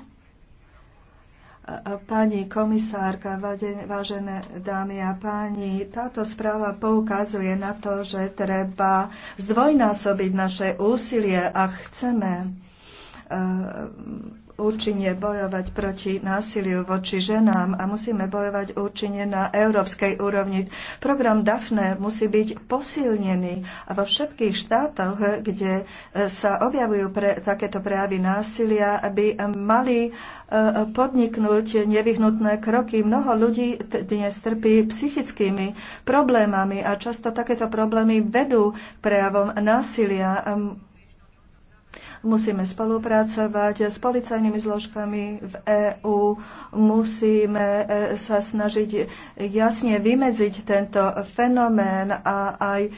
pani komisárka, vážené dámy a páni, táto správa poukazuje na to, že treba zdvojnásobiť naše úsilie a chceme e, účinne bojovať proti násiliu voči ženám a musíme bojovať účinne na európskej úrovni. Program DAFNE musí byť posilnený a vo všetkých štátoch, kde e, sa objavujú pre, takéto prejavy násilia, aby mali e, podniknúť nevyhnutné kroky. Mnoho ľudí dnes trpí psychickými problémami a často takéto problémy vedú prejavom násilia. Musíme spolupracovať s policajnými zložkami v EÚ. Musíme e, sa snažiť jasne vymedziť tento fenomén a aj e,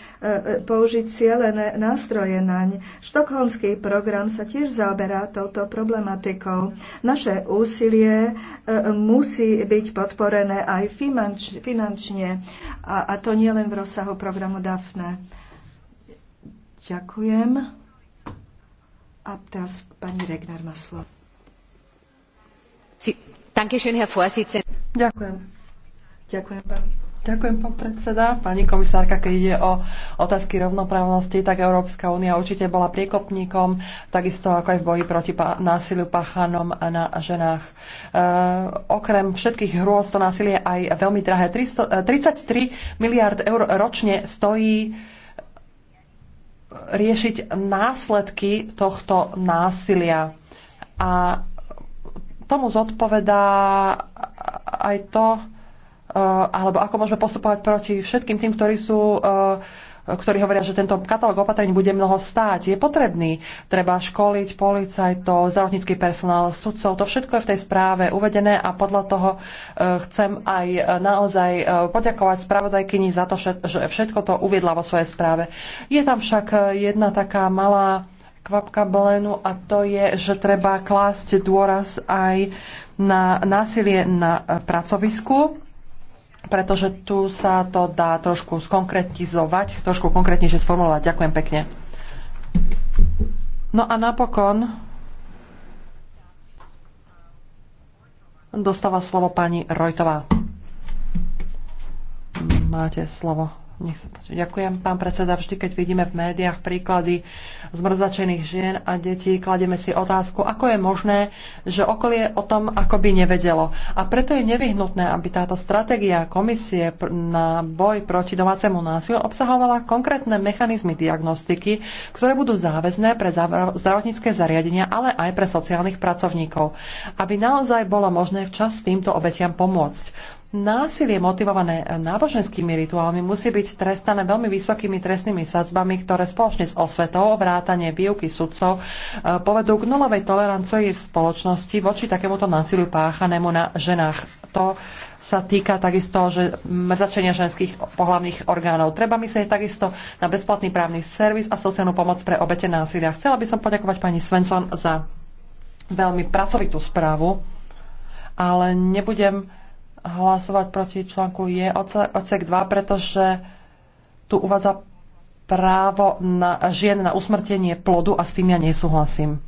použiť cieľené nástroje naň. Štokholmský program sa tiež zaoberá touto problematikou. Naše úsilie e, musí byť podporené aj finančne a to nielen v rozsahu programu DAFNE. Ďakujem. A teraz pani Regner má slovo. Ďakujem. Ďakujem, pán. Ďakujem, pán predseda. Pani komisárka, keď ide o otázky rovnoprávnosti, tak Európska únia určite bola priekopníkom, takisto ako aj v boji proti násiliu páchanom na ženách. E, okrem všetkých hrôz to násilie aj veľmi drahé. 300, 33 miliard eur ročne stojí riešiť následky tohto násilia. A tomu zodpovedá aj to, eh, alebo ako môžeme postupovať proti všetkým tým, ktorí sú eh, ktorí hovoria, že tento katalóg opatrení bude mnoho stáť. Je potrebný. Treba školiť policajtov, zdravotnícky personál, sudcov. To všetko je v tej správe uvedené a podľa toho e, chcem aj e, naozaj e, poďakovať spravodajkyni za to, že všetko to uviedla vo svojej správe. Je tam však jedna taká malá kvapka blenu a to je, že treba klásť dôraz aj na násilie na pracovisku pretože tu sa to dá trošku skonkretizovať, trošku konkrétnejšie sformulovať. Ďakujem pekne. No a napokon dostáva slovo pani Rojtová. Máte slovo. Nech sa páči. Ďakujem, pán predseda. Vždy, keď vidíme v médiách príklady zmrzačených žien a detí, klademe si otázku, ako je možné, že okolie o tom akoby nevedelo. A preto je nevyhnutné, aby táto stratégia komisie na boj proti domácemu násiliu obsahovala konkrétne mechanizmy diagnostiky, ktoré budú záväzné pre zdravotnícke zariadenia, ale aj pre sociálnych pracovníkov, aby naozaj bolo možné včas týmto obetiam pomôcť. Násilie motivované náboženskými rituálmi musí byť trestané veľmi vysokými trestnými sadzbami, ktoré spoločne s osvetou, vrátanie výuky sudcov e, povedú k nulovej tolerancii v spoločnosti voči takémuto násiliu páchanému na ženách. To sa týka takisto že mrzačenia ženských pohľavných orgánov. Treba myslieť takisto na bezplatný právny servis a sociálnu pomoc pre obete násilia. Chcela by som poďakovať pani Svensson za veľmi pracovitú správu, ale nebudem hlasovať proti článku je odsek 2, pretože tu uvádza právo na žien na usmrtenie plodu a s tým ja nesúhlasím.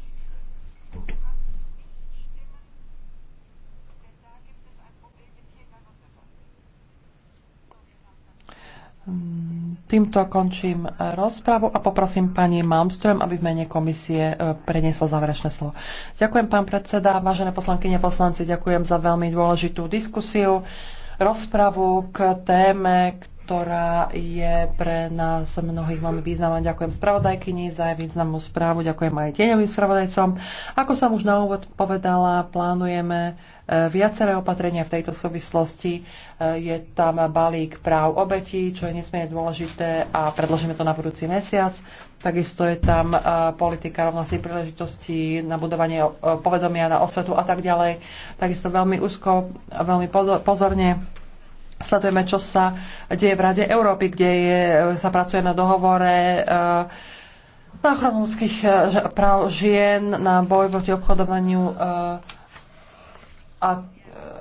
Týmto končím e, rozprávu a poprosím pani Malmström, aby v mene komisie e, preniesla záverečné slovo. Ďakujem, pán predseda, vážené poslankyne, poslanci, ďakujem za veľmi dôležitú diskusiu, rozpravu k téme, ktorá je pre nás mnohých veľmi významná. Ďakujem spravodajkyni za jej významnú správu, ďakujem aj deňovým spravodajcom. Ako som už na úvod povedala, plánujeme e, viaceré opatrenia v tejto súvislosti. E, je tam balík práv obetí, čo je nesmierne dôležité a predložíme to na budúci mesiac. Takisto je tam e, politika rovnosti príležitosti na budovanie povedomia na osvetu a tak ďalej. Takisto veľmi úzko, veľmi pozorne Sledujeme, čo sa deje v Rade Európy, kde je, sa pracuje na dohovore eh, na ochranu ľudských eh, práv žien, na boj proti obchodovaniu eh, a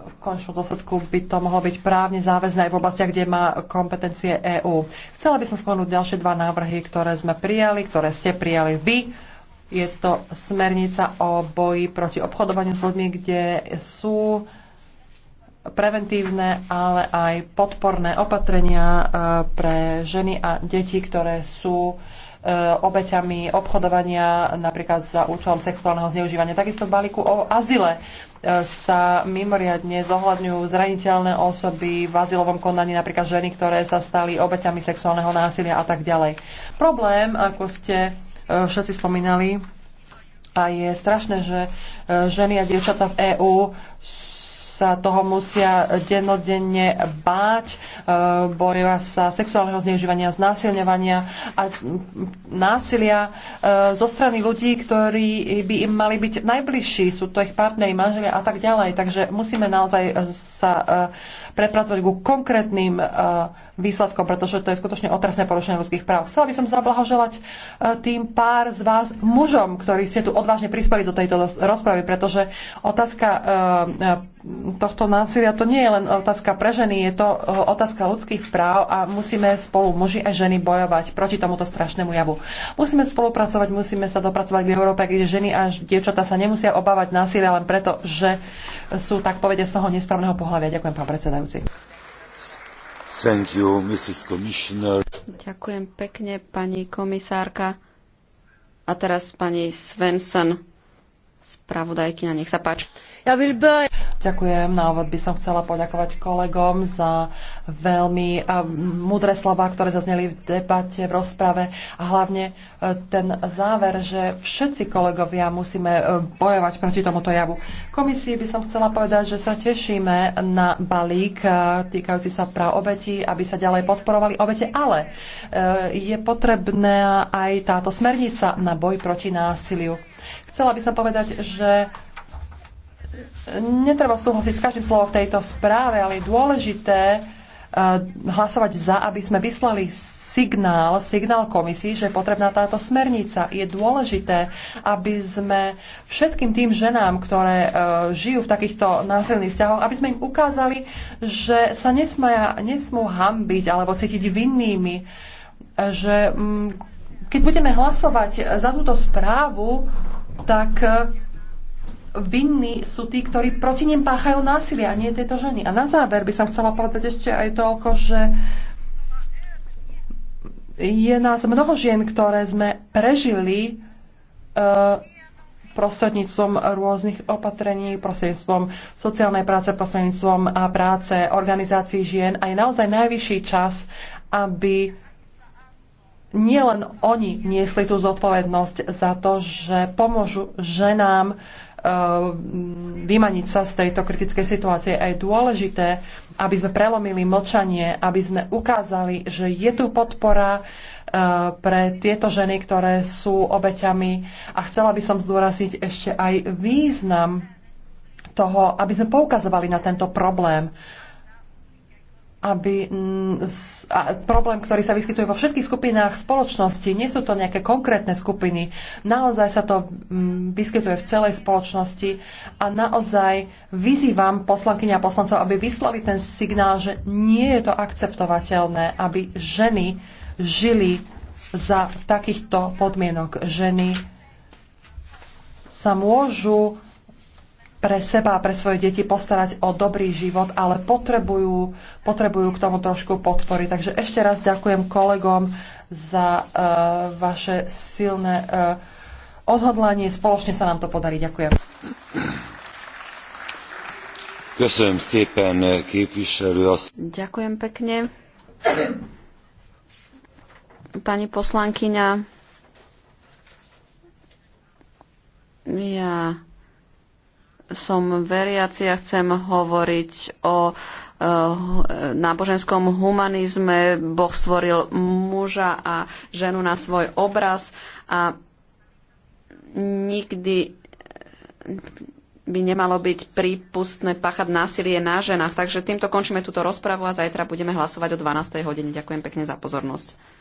v končnom dôsledku by to mohlo byť právne záväzné aj v oblastiach, kde má kompetencie EÚ. Chcela by som spomenúť ďalšie dva návrhy, ktoré sme prijali, ktoré ste prijali vy. Je to smernica o boji proti obchodovaniu s ľuďmi, kde sú preventívne, ale aj podporné opatrenia e, pre ženy a deti, ktoré sú e, obeťami obchodovania napríklad za účelom sexuálneho zneužívania. Takisto v balíku o azile e, sa mimoriadne zohľadňujú zraniteľné osoby v azylovom konaní, napríklad ženy, ktoré sa stali obeťami sexuálneho násilia a tak ďalej. Problém, ako ste všetci spomínali, a je strašné, že ženy a dievčatá v EÚ sa toho musia dennodenne báť, e, boja sa sexuálneho zneužívania, znásilňovania a násilia e, zo strany ľudí, ktorí by im mali byť najbližší, sú to ich partneri, manželia a tak ďalej. Takže musíme naozaj sa e, prepracovať ku konkrétnym výsledkom, pretože to je skutočne otrasné porušenie ľudských práv. Chcela by som zablahoželať e, tým pár z vás mužom, ktorí ste tu odvážne prispeli do tejto rozpravy, pretože otázka e, e, tohto násilia to nie je len otázka pre ženy, je to otázka ľudských práv a musíme spolu muži a ženy bojovať proti tomuto strašnému javu. Musíme spolupracovať, musíme sa dopracovať v Európe, kde ženy a dievčatá sa nemusia obávať násilia len preto, že sú tak povede z toho nesprávneho pohľavia. Ďakujem, pán predsedajúci. Thank you, Mrs. Commissioner. Ďakujem pekne, pani komisárka. A teraz pani Svensson spravodajkyňa. Nech sa páči. Ja Ďakujem. Na úvod by som chcela poďakovať kolegom za veľmi mudré slova, ktoré zazneli v debate, v rozprave a hlavne e, ten záver, že všetci kolegovia musíme e, bojovať proti tomuto javu. Komisii by som chcela povedať, že sa tešíme na balík e, týkajúci sa práv obeti, aby sa ďalej podporovali obete, ale je potrebná aj táto smernica na boj proti násiliu. Chcela by som povedať, že netreba súhlasiť s každým slovom v tejto správe, ale je dôležité eh, hlasovať za, aby sme vyslali signál, signál komisii, že je potrebná táto smernica. Je dôležité, aby sme všetkým tým ženám, ktoré eh, žijú v takýchto násilných vzťahoch, aby sme im ukázali, že sa nesmaja, nesmú hambiť alebo cítiť vinnými. Eh, že mm, keď budeme hlasovať za túto správu, tak e, vinní sú tí, ktorí proti nim páchajú násilie a nie tieto ženy. A na záver by som chcela povedať ešte aj toľko, že je nás mnoho žien, ktoré sme prežili uh, prostredníctvom rôznych opatrení, prostredníctvom sociálnej práce, prostredníctvom práce organizácií žien a je naozaj najvyšší čas, aby nielen oni niesli tú zodpovednosť za to, že pomôžu ženám e, vymaniť sa z tejto kritickej situácie. A je dôležité, aby sme prelomili mlčanie, aby sme ukázali, že je tu podpora e, pre tieto ženy, ktoré sú obeťami. A chcela by som zdôraziť ešte aj význam toho, aby sme poukazovali na tento problém, aby a problém, ktorý sa vyskytuje vo všetkých skupinách spoločnosti. Nie sú to nejaké konkrétne skupiny. Naozaj sa to mm, vyskytuje v celej spoločnosti a naozaj vyzývam poslankyňa a poslancov, aby vyslali ten signál, že nie je to akceptovateľné, aby ženy žili za takýchto podmienok. Ženy sa môžu pre seba a pre svoje deti postarať o dobrý život, ale potrebujú, potrebujú k tomu trošku podpory. Takže ešte raz ďakujem kolegom za uh, vaše silné uh, odhodlanie. Spoločne sa nám to podarí. Ďakujem. Ďakujem pekne. Pani poslankyňa, ja som veriaci a chcem hovoriť o eh, náboženskom humanizme. Boh stvoril muža a ženu na svoj obraz a nikdy eh, by nemalo byť prípustné pachať násilie na ženách. Takže týmto končíme túto rozpravu a zajtra budeme hlasovať o 12. hodine. Ďakujem pekne za pozornosť.